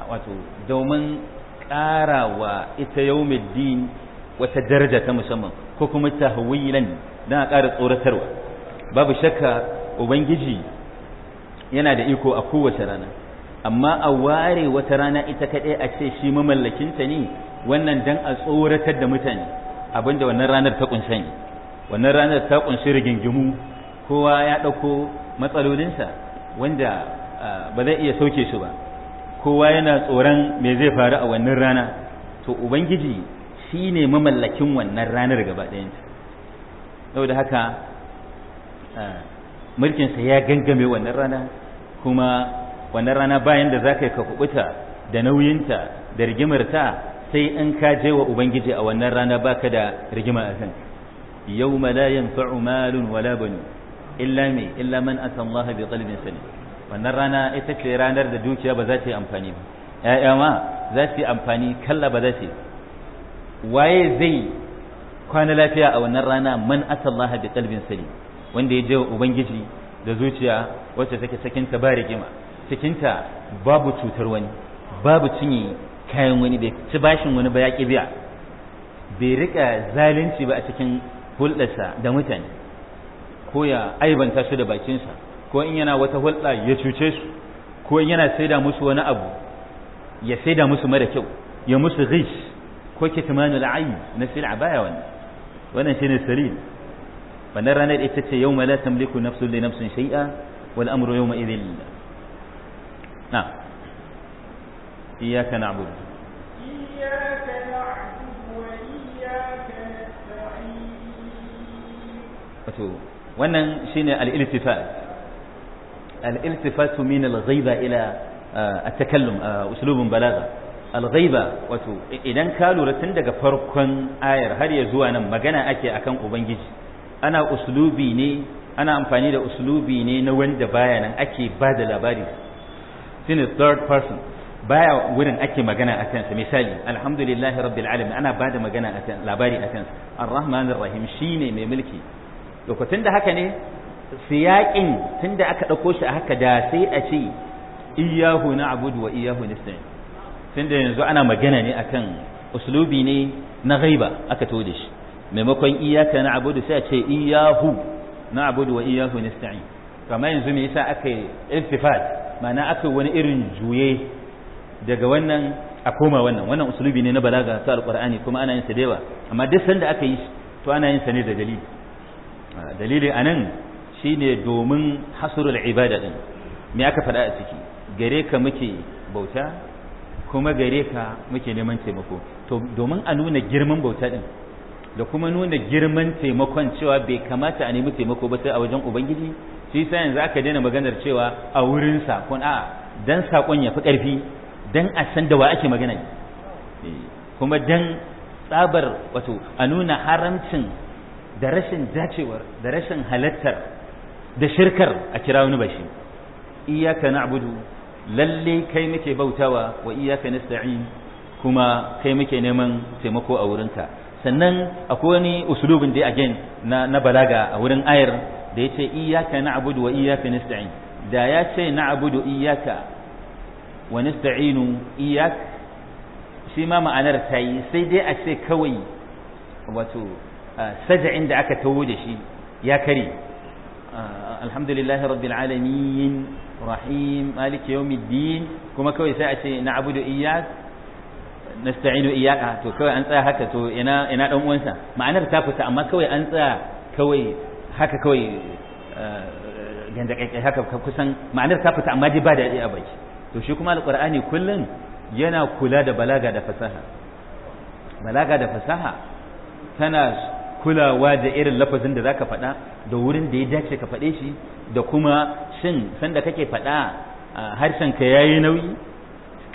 wato domin ƙara wa ita din wata daraja ta musamman ko kuma tahwilan dan a ƙara tsoratarwa babu shakka ubangiji yana da iko a kowace rana amma a ware wata rana ita kaɗai a ce shi mamallakinta ne wannan dan a tsoratar da mutane abinda wannan ranar ta kunshe ne wannan ranar ta kunshi rigingimu kowa ya ɗauko matsalolinsa wanda ba zai iya sauke su ba kowa yana tsoron me zai faru a wannan rana to ubangiji shi ne mamallakin wannan ranar gaba ɗayanta saboda haka Ah, mulkinsa ya gangame wannan rana kuma wannan rana bayan da za ka yi ka kubuta da nauyinta da rigimarta sai in ka je wa ubangiji a wannan rana baka da rigima a kan yau la yanfa'u malun wala banu illa me illa man ata Allah bi qalbin salim wannan rana ita ce ranar da dukiya ba za ta yi amfani ba Yaya ma za su yi amfani kalla ba za su waye zai kwana lafiya a wannan rana man ata Allah bi qalbin salim wanda ya je wa ubangiji da zuciya wacce take sakinta ba rigima cikinta babu cutar wani babu cinye kayan wani bai ci bashin wani ba ya biya bai rika zalunci ba a cikin hulɗarsa da mutane ko ya aibanta su da bakinsa ko in yana wata hulɗa ya cuce su ko in yana saida musu wani abu ya saida musu mara kyau ya musu ghish ko kitmanul ayn na sil'a baya wannan wannan shine salim wannan ranar ita ce yau la tamliku nafsun li nafsin shay'a wal amru yawma idhil na iyyaka na'budu iyyaka na'budu wa iyyaka nasta'in wato wannan shine al-iltifat al-iltifat min al-ghaiba ila at-takallum uslubun balagha alghaiba wato idan ka lura tun daga farkon ayar har ya zuwa nan magana ake akan ubangiji ana uslubi ne ana amfani da uslubi ne na wanda baya nan ake ba da labari shine third person baya wurin ake magana a kansa misali alhamdulillahi rabbil alamin ana ba da magana a kan labari a kansa arrahmanir rahim shine mai mulki lokacin da haka ne siyaƙin tunda aka ɗauko shi a haka da sai a ce iyahu na abudu wa iyahu nista'in tunda yanzu ana magana ne akan uslubi ne na ghaiba aka to shi maimakon iyaka na abudu sai a ce iyahu na abudu wa iyahu sta'i kamar yanzu me yasa aka yi iltifat ma'ana aka wani irin juye daga wannan a koma wannan wannan usulubi ne na balaga ta Alƙur'ani kuma ana yin sa amma duk sanda aka yi to ana yin sa ne da dalili dalili anan shine domin hasrul ibada din me aka faɗa a ciki gare ka muke bauta kuma gare ka muke neman taimako to domin a nuna girman bauta din da kuma nuna girman taimakon cewa bai kamata a nemi taimako ba sai a wajen ubangiji shi sa yanzu aka daina maganar cewa a wurin sakon a dan sakon ya fi karfi dan a san da wa ake magana eh, kuma dan tsabar wato a nuna haramcin da rashin dacewar da rashin halattar da shirkar a kira wani bashi iyaka na'budu lalle kai muke bautawa wa iyaka nasta'in kuma kai muke neman taimako a wurinka sannan akwai wani usulubin dai again na na balaga a wurin ayar da yace iyyaka na'budu wa iyyaka nasta'in da ya ce na'budu iyyaka wa nasta'inu iyyak shi ma ma'anar ta sai dai a ce kawai wato saja'in da aka tawo da shi ya kare alhamdulillahi rabbil alamin rahim maliki yawmiddin kuma kawai sai a ce na'budu iyyak nasta'inu iyaka to kawai an tsaya haka to ina ina dan uwansa ma'anar ta fita amma kawai an tsaya kawai haka kawai eh, ganda kai haka kusan ma'anar ta fita amma dai ba da a baki to shi kuma alqur'ani kullun yana kula da balaga da fasaha balaga da fasaha tana kulawa da irin lafazin da zaka faɗa da wurin da ya dace ka faɗe shi da kuma shin sanda kake faɗa eh, harshen ka yayi nauyi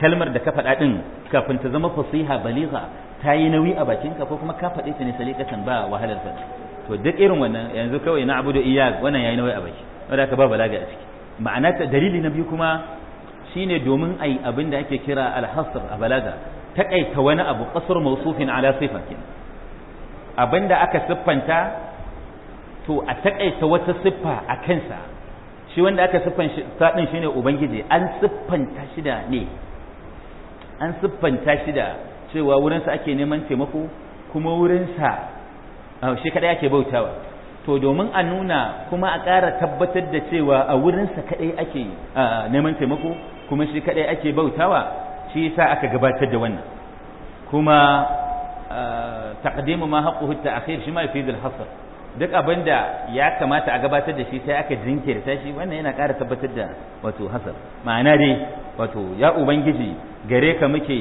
kalmar da ka faɗa ɗin kafin ta zama fasiha baliga ta yi nauyi a bakinka ko kuma ka faɗe ta ne salikatan ba wahalar faɗi to duk irin wannan yanzu kawai na abudu iya wannan yayi nauyi a baki wanda ka ba balaga a ciki ma'ana ta dalili na biyu kuma shine domin ai abin da ake kira al-hasr a balaga takaita wani abu qasr mawsufin ala sifa abinda aka siffanta to a takaita wata siffa a kansa shi wanda aka siffanta din shine ubangiji an siffanta shi da ne an siffanta shi da cewa wurinsa ake neman taimako kuma wurinsa shi kadai ake bautawa to domin a nuna kuma a ƙara tabbatar da cewa a wurinsa kadai ake neman taimako kuma shi kadai ake bautawa shi yasa aka gabatar da wannan kuma taqdimu ma hatta akhir shi ma yufidul hasr duk abinda ya kamata a gabatar da shi sai aka jinkirta shi wannan yana ƙara tabbatar da wato hasar ma'ana dai wato ya ubangiji gare ka muke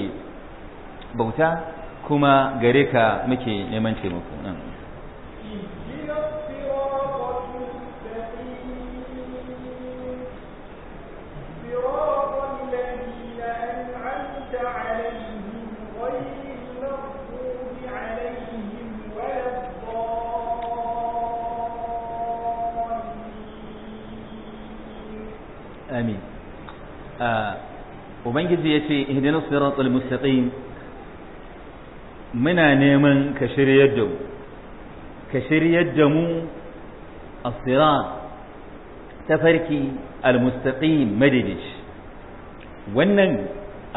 bauta kuma gare ka muke neman taimako ubangiji ya ce ihdinas siratal mustaqim muna neman ka shiryar da mu ka shiryar da mu as-sirat tafarki al-mustaqim madidish wannan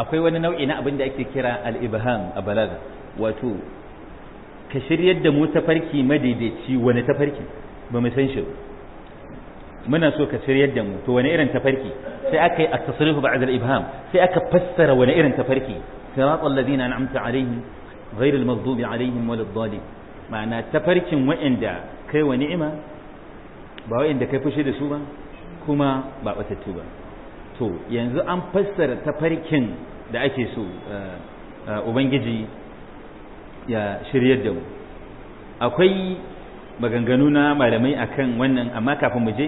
akwai wani nau'i na abin da ake kira al-ibham a balaga wato ka shiryar da mu tafarki madaidaici wani tafarki ba mu san shi ba muna so ka shiryar da mu to wani irin tafarki sai aka yi at-tasrif ba'da al-ibham sai aka fassara wani irin tafarki sirat alladhina an'amta alaihim ghayr al-maghdubi alaihim walad-dallin ma'ana tafarkin wa'anda kai wa ni'ima ba wa'anda kai fushi da su ba kuma ba batattu ba to yanzu an fassara tafarkin da ake so eh, eh, ubangiji ya shiryar da mu akwai maganganu na malamai akan wannan amma kafin mu je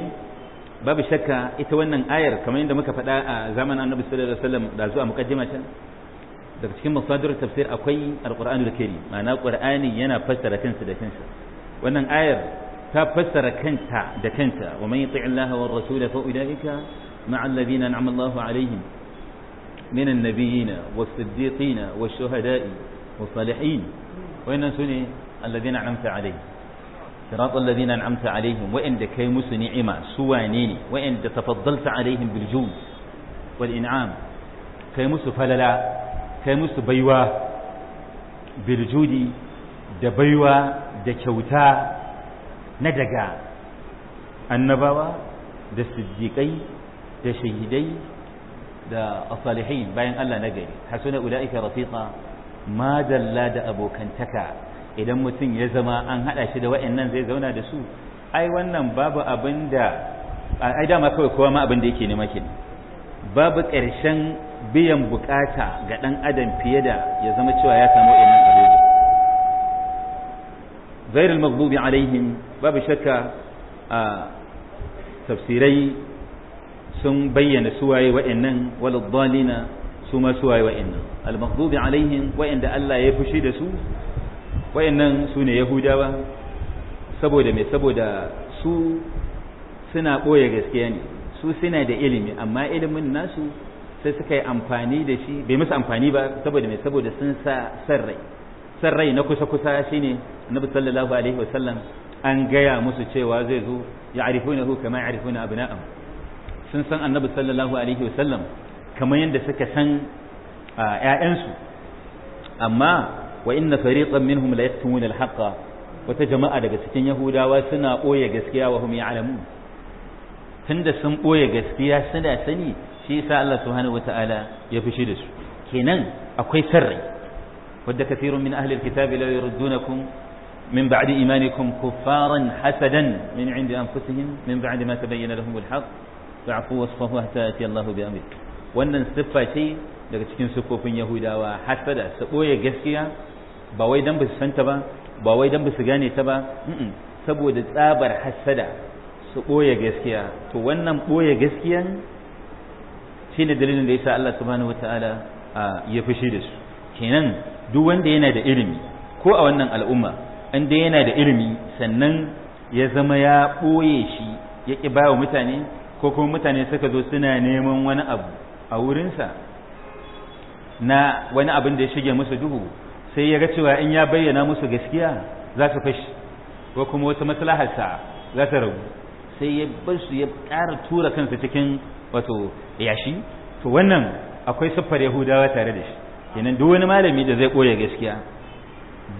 babu shakka ita wannan ayar kamar yadda muka faɗa a zamanin annabi sallallahu alaihi wasallam da zuwa muqaddima can daga cikin masadir tafsir akwai alqur'anul karim ma'ana qur'ani yana fassara kansa da kansa wannan ayar ta fassara kanta da kanta wa man yuti Allah wa rasula fa ulaika ma'a alladhina an'ama Allahu alaihim min an-nabiyyin was-siddiqin wash-shuhada'i was-salihin wa inna sunni alladhina صراط الذين أنعمت عليهم وإن دكي مس su سوانيني وإن تفضلت عليهم بالجود والإنعام كي مس فللا كي مس بيوا بالجود da baiwa da kyauta na daga annabawa da siddiƙai da shahidai da asalihin bayan Allah na gari hasuna ula'ika rafiqa ma dalla da abokantaka idan mutum ya zama an haɗa shi da wa'annan zai zauna da su ai wannan babu abin da ai dama kawai kowa ma abin da yake nema ke babu ƙarshen biyan bukata ga ɗan adam fiye da ya zama cewa ya samu wa'annan abin. zairul maghdubi alaihim babu shakka a tafsirai sun bayyana suwaye wa'annan walad dalina su ma suwaye wa'annan al maghdubi alaihim wa'anda Allah ya fushi da su wayannan su ne yahudawa saboda mai saboda su suna ɓoye gaskiya ne su suna da ilimi amma ilimin nasu sai suka yi amfani da shi bai musu amfani ba saboda mai saboda sun sa san rai san rai na kusa kusa shine annabi sallallahu alaihi wasallam an gaya musu cewa zai zo ya hu kama arifuna abna'am sun san annabi sallallahu alaihi wasallam kamar yadda suka san ƴaƴansu ah, amma wa inna fariqan minhum la yaktumuna al-haqqa wata jama'a daga cikin yahudawa suna boye gaskiya wa hum ya'lamun tunda sun boye gaskiya suna sani shi yasa Allah subhanahu wata'ala ya fishi da su kenan akwai sirri wadda kathirun min ahli al-kitabi la min yurdunakum من بعد إيمانكم كفارا حسدا من عند أنفسهم من بعد ما تبين لهم الحق فاعفوا واصفحوا حتى يأتي الله بأمره wannan siffa ce daga cikin siffofin yahudawa hasada su ɓoye gaskiya ba wai dan ba su santa ba ba wai dan ba gane ta ba saboda tsabar hassada su ɓoye gaskiya to wannan ɓoye gaskiyan shi dalilin da yasa Allah subhanahu wataala ya fushi da su kenan duk wanda yana da ilimi ko a wannan al'umma an dai yana da ilimi sannan ya zama ya ɓoye shi ya ƙi bawa mutane ko kuma mutane suka zo suna neman wani abu a wurinsa na wani abin da ya shige musu duhu sai ya ga cewa in ya bayyana musu gaskiya za su fashi ko kuma wata maslaharsa za ta ragu sai ya bar su ya ƙara tura kansa cikin wato yashi to wannan akwai siffar yahudawa tare da shi kenan duk wani malami da zai koya gaskiya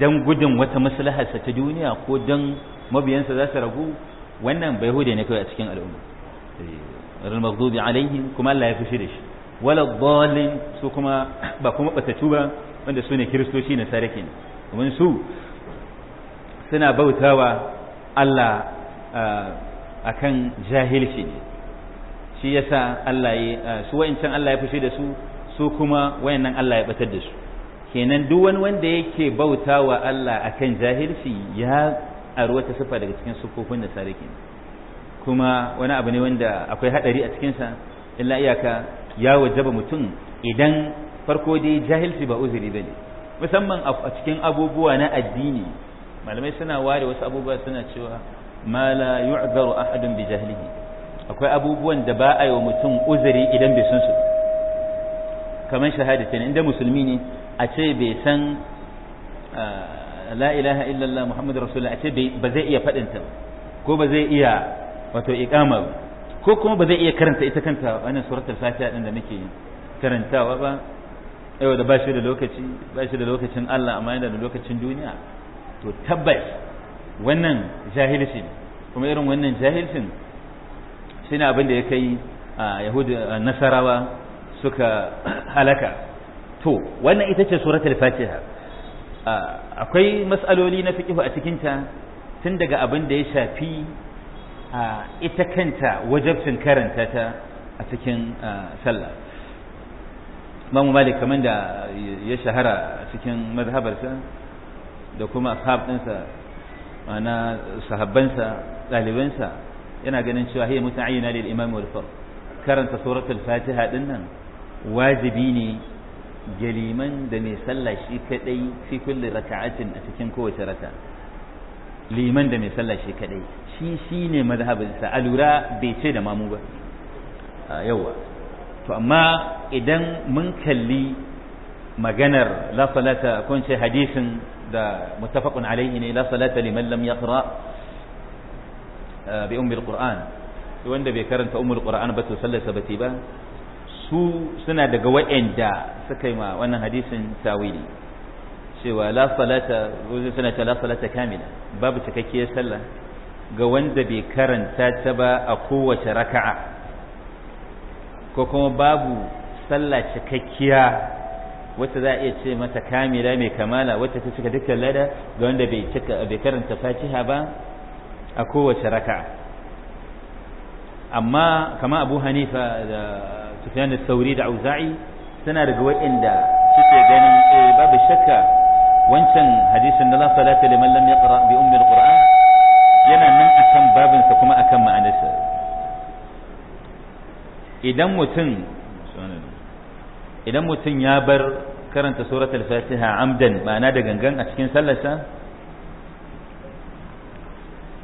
dan gudun wata maslaharsa ta duniya ko dan mabiyansa za su ragu wannan bai hude ne kawai a cikin al'umma ran eh, maghdubi alaihim kuma Allah ya fushi da shi wala dhalin su kuma ba kuma batatu ba wanda su ne kiristoci na sarki domin su suna bautawa Allah eh, akan jahilci ne shi yasa Allah ya eh, su can Allah ya fushi da su su kuma wayannan Allah ya batar da su kenan duk wani wanda yake bautawa Allah akan jahilci ya aro wata sifa daga cikin sufofin da sarki kuma wani abu ne wanda akwai haɗari a cikinsa illa iyaka ya wajaba mutum idan farko dai jahilci ba uzuri ba ne musamman a cikin abubuwa na addini malamai suna ware wasu abubuwa suna cewa ma la yu'zaru ahadun bi jahlihi akwai abubuwan da ba a yi wa mutum uzuri idan bai san su kamar shahadatin inda musulmi ne a ce bai san ah, la ilaha illallah muhammadu rasulullah a ce ba zai iya ta ko ba zai iya wato iqama ba ko kuma ba zai iya karanta ita kanta wannan suratul fatiha din da muke karantawa ba yau da bashi da lokaci bashi da lokacin Allah amma yana da lokacin duniya to tabbas wannan jahilci kuma irin wannan jahilcin shine abin da ya kai a yahudu nasarawa suka halaka to wannan ita ce suratul fatiha akwai mas'aloli na fiqh a cikinta tun daga abin da ya shafi ita kanta wajabcin karanta ta a cikin sallah imamu malik kamar da ya shahara cikin mazhabarsa da kuma ashab ɗinsa ma'ana sahabbansa ɗalibansa yana ganin cewa hiya muta'ayyana lil imam wal fard karanta suratul fatiha din wajibi ne galiman da mai sallah shi kadai fi kulli raka'atin a cikin kowace raka liman da mai sallah shi kadai shi shine mazhabinsa alura bai ce da mamu ba yawa to amma idan mun kalli maganar la salata kun ce hadisin da muttafaqun alaihi ne la salata liman lam yaqra eh, bi umar qur'an wanda bai karanta umar qur'an ba to sallata ba ba su suna daga wa'anda suka yi ma wannan hadisin tawili cewa la salata suna cewa la salata kamila babu cikakkiyar sallah ga wanda bai karanta ta ba a kowace raka'a ko kuma babu sallah cikakkiya wacce za a iya ce mata kamila mai kamala wacce ta cika dukkan lada ga wanda bai cika bai karanta fatiha ba a kowace raka amma kama abu hanifa da sufyan sauri da auza'i suna daga waɗanda suke ganin eh babu shakka wancan hadisin da la salata liman lam yaqra bi ummi alquran yana nan akan babinsa kuma akan ma'anarsa idan mutum idan mutum ya bar karanta suratul fatiha amdan ma'ana da gangan a cikin sallarsa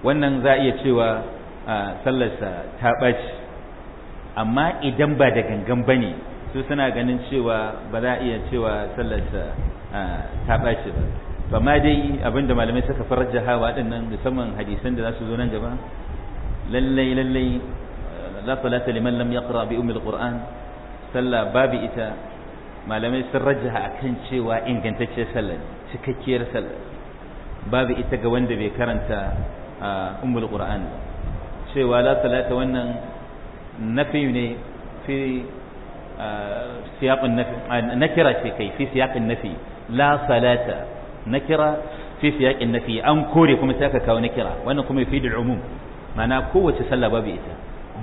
wannan za a iya cewa sallarsa ta ɓace amma idan ba da gangan ba ne su suna ganin cewa ba za a iya cewa sallarsa ta ɓace ba ba ma dai abinda malamai suka farar jaha waɗannan musamman hadisan da za su zo nan gaba lallai lallai la salata liman lam yaqra bi ummil qur'an sallah babu ita malamai sun rajaha kan cewa ingantacciyar sallah cikakkiyar sallah babu ita ga wanda bai karanta ummul qur'an ba cewa la salata wannan nafi ne fi siyaqin nafi nakira ce kai fi siyaqin nafi la salata nakira fi siyaqin nafi an kore kuma sai aka kawo nakira wannan kuma fi da umum ma'ana kowace sallah babu ita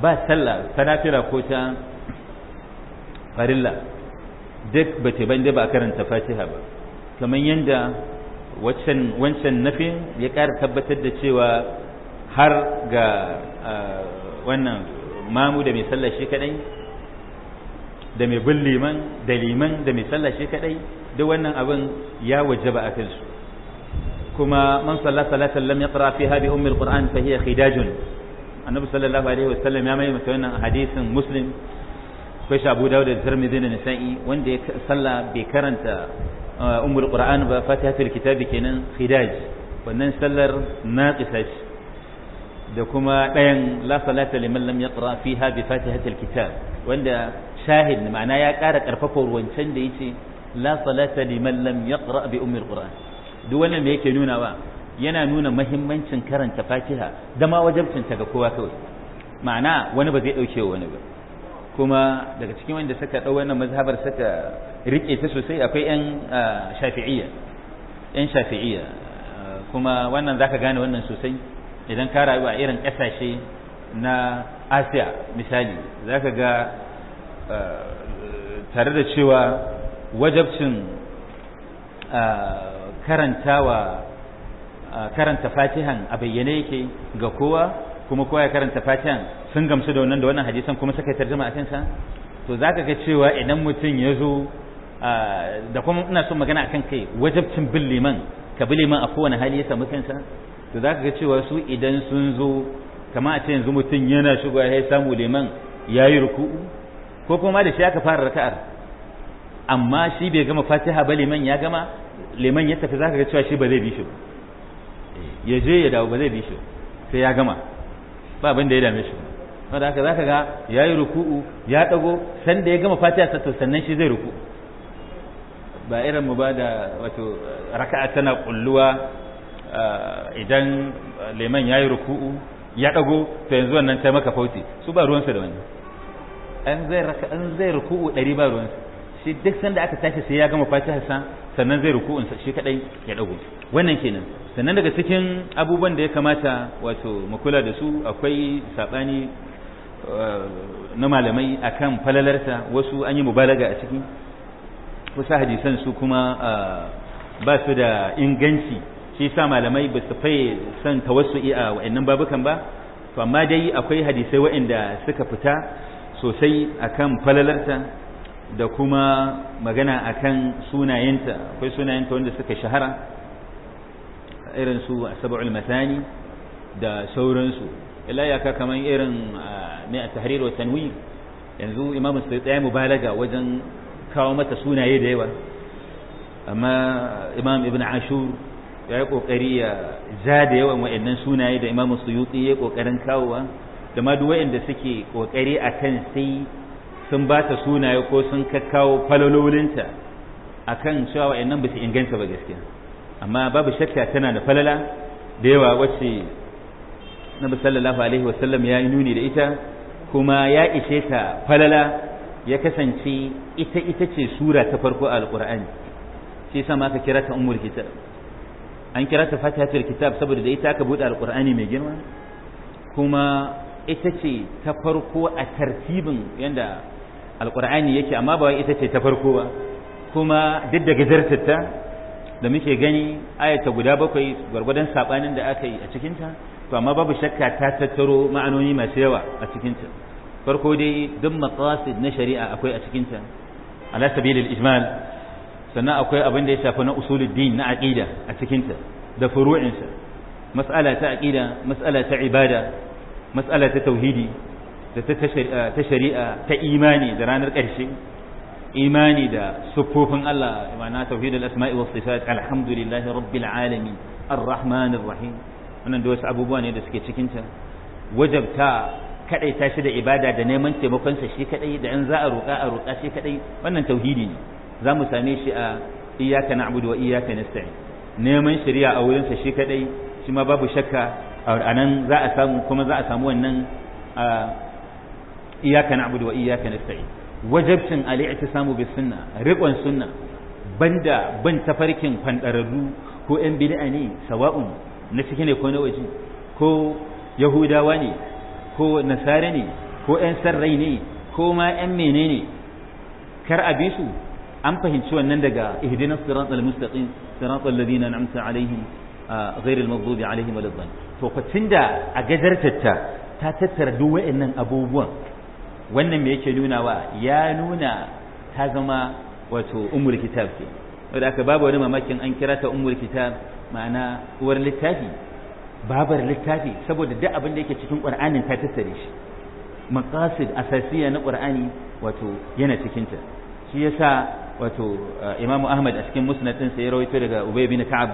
ba sallah ta nafila ko ta farilla duk ba ce ban da ba karanta fatiha ba kamar yadda wancan wancan nafin ya ƙara tabbatar da cewa har ga wannan mamu da mai sallah shi kadai da mai bin liman da liman da mai sallah shi kadai duk wannan abin ya wajaba a kansu kuma man salla salatan lam yaqra fiha bi ummi alquran fa hiya khidajun annabi sallallahu alaihi wasallam ya mai masa wannan hadisin muslim akwai shi abu dawud da tirmidhi da nisa'i wanda ya salla bai karanta uh, ummul qur'an ba fatihatul kitabi kenan khidaj wannan sallar naqisa ce da kuma ɗayan la salata liman lam yaqra fiha bi fatihatil kitab wanda shahid ma'ana ya ƙara ƙarfafa wancan da yace la salata liman lam yaqra bi ummul qur'an duk wannan me yake nuna ba yana nuna mahimmancin karanta fatiha da ma ta ga kowa kawai ma'ana wani ba zai ɗauke wani ba kuma daga cikin wanda suka dau wannan mazhabar suka rike ta sosai akwai 'yan shafi'iyya 'yan shafi'iyya kuma wannan zaka gane wannan sosai idan ka rayu a irin ƙasashe na asiya misali zaka ga tare da cewa wajabcin karantawa karanta fatihan a bayyane yake ga kowa kuma kowa ya karanta fatihan sun gamsu da wannan da wannan hadisan kuma suka yi tarjuma a kansa to za ka ga cewa idan mutum ya zo da kuma ina son magana akan kai wajabcin bin liman ka bi liman a kowane hali ya samu kansa to za ka ga cewa su idan sun zo kama a ce yanzu mutum yana shigo ya samu liman ya yi ruku'u ko kuma da shi aka fara raka'ar amma shi bai gama fatiha ba liman ya gama liman ya tafi za ka ga cewa shi ba zai bi shi ba Eh, ya je ya dawo ba zai bi shi sai ya gama ba abin da ya dame shi da haka zaka ga yayi ruku'u ya dago san da ya gama fatiha sa to sannan shi zai ruku ba irin mu ba da wato raka'a tana kulluwa idan liman yayi ruku'u ya dago to yanzu wannan ta maka fauti su ba ruwansa da wani an zai raka an zai ruku'u dari ba ruwansa shi duk sanda aka tashi sai ya gama fatiha sa sannan zai ruku'un shi kadai ya dago wannan kenan sannan daga cikin abubuwan da ya kamata wato mu kula da su akwai saɓani eh, na malamai akan falalarta wasu an yi mubalaga a ciki kusa hadisan su kuma eh, ba su da inganci shi sa malamai ba su faye son tawassu'i a wa'annan babukan ba to amma dai akwai hadisai wa'anda suka fita sosai akan falalarta da kuma magana akan sunayenta akwai sunayenta wanda suka shahara irin su sab'ul mathani da sauransu illa ya ka kaman irin ne ah, a tahrir wa tanwir yanzu imamu sai tsaya mubalaga wajen kawo mata sunaye da yawa amma imam ibn ashur ya yi kokari ya za da yawan wa'annan sunaye da imam suyuti ya kokarin kawowa da ma duk wa'anda suke kokari akan sai sun ba ta sunaye ko sun kakkawo falololinta akan cewa wa'annan ba su inganta ba gaskiya amma babu shakka tana da falala da yawa wacce na sallallahu alaihi wasallam ya yi nuni da ita kuma ya ishe ta falala ya kasance ita ita ce sura ta farko a Alƙur'ani shi yasa ma aka kira ta ummul kitab an kira ta fatihatul kitab saboda da ita aka bude Alƙur'ani mai girma kuma ita ce ta farko a tartibin yanda alkur'ani yake amma ba ita ce ta farko ba kuma duk da gazartar ta da muke gani ayata guda bakwai gwargwadon sabanin da aka yi a cikinta to amma babu shakka ta tattaro ma'anoni masu yawa a cikinta farko dai duk maqasid na shari'a akwai a cikinta ala sabilil ijmal sannan akwai abin da ya shafi na usuluddin na aqida a cikinta da furu'insa mas'ala ta aqida mas'ala ta ibada mas'ala ta tauhidi da ta shari'a ta imani da ranar ƙarshe imani da sufofin Allah ma'ana tauhidul asma'i was sifat alhamdulillahi rabbil alamin arrahmanir rahim wannan da wasu abubuwa ne da suke cikin ta wajabta kadai ta da ibada da neman taimakon sa shi kadai da in za a roƙa a roƙa shi kadai wannan tauhidi ne za mu same shi a iyyaka na'budu wa iyyaka nasta'in neman shari'a a wurin shi kadai shi babu a nan za a samu kuma za a samu wannan iyyaka wajabcin samu bi sunna riƙon sunna banda ban tafarkin kwandararru ko yan bid'a ne sawa'un na ciki ne ko na waje ko yahudawa ne ko nasara ne ko yan sarrai ne ko ma yan menene kar a bi su an fahimci wannan daga ihdinas siratal mustaqim siratal ladina an'amta alaihim ghairil maghdubi alaihim waladdallin to ko tunda a gajartatta ta tattara duk waɗannan abubuwan wannan me yake nuna wa ya nuna ta zama wato umul kitab ke wanda aka babu wani mamakin an kira ta umul kitab ma'ana uwar littafi babar littafi saboda duk abin da yake cikin qur'anin ta tattare shi maqasid asasiya na qur'ani wato yana cikin ta shi yasa wato eh, imam ahmad a cikin musnadin sa ya rawaito daga ubay bin ka'ab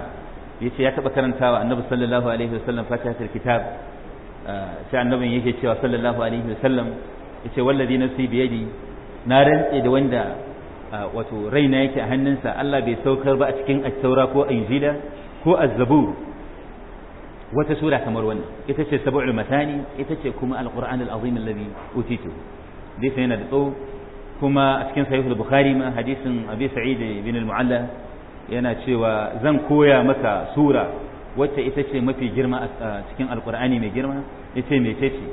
yace ya taba karantawa annabi sallallahu alaihi wasallam fatihatul kitab eh, sai annabin yake cewa sallallahu alaihi wasallam yace wallazi nafsi biyadi na rantse da wanda wato raina yake a hannunsa Allah bai saukar ba a cikin at-taura ko injila ko az-zabur wata sura kamar wannan ita ce sab'ul matani ita ce kuma al-qur'an al-azim alladhi utitu dai yana da tsawo kuma a cikin sahih al-bukhari ma hadisin abi sa'id ibn al-mu'alla yana cewa zan koya maka sura wacce ita ce mafi girma a cikin alqur'ani mai girma yace mece ce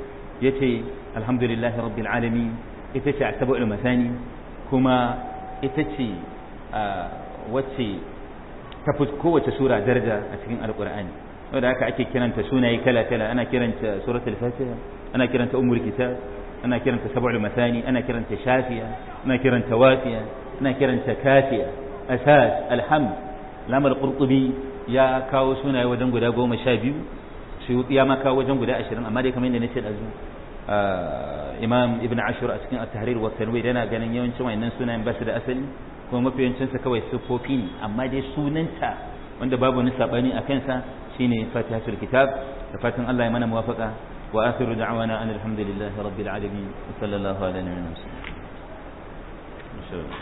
yace alhamdulillahi rabbil alamin ita ce a asabul masani kuma ita ce wacce ta fi kowace sura daraja a cikin alqur'ani saboda haka ake kiranta sunaye kala kala ana kiranta suratul fatiha ana kiranta ummul kitab ana kiranta sab'ul masani ana kiranta shafiya ana kiranta wafiya ana kiranta kafiya asas alhamd lamar qurtubi ya kawo sunaye wajen guda goma sha biyu suyuti ya ma kawo wajen guda ashirin amma dai kamar yadda na ce ɗazu imam ibn ashur a cikin at-tahrir wa tanwir yana ganin yawancin wayannan sunayen ba su da asali kuma mafi yawancin sa kawai sufofi ne amma dai sunanta wanda babu wani sabani a kansa shine fatihatul kitab da fatan Allah ya mana muwafaqa wa akhiru da'wana alhamdulillahi rabbil alamin sallallahu alaihi wa sallam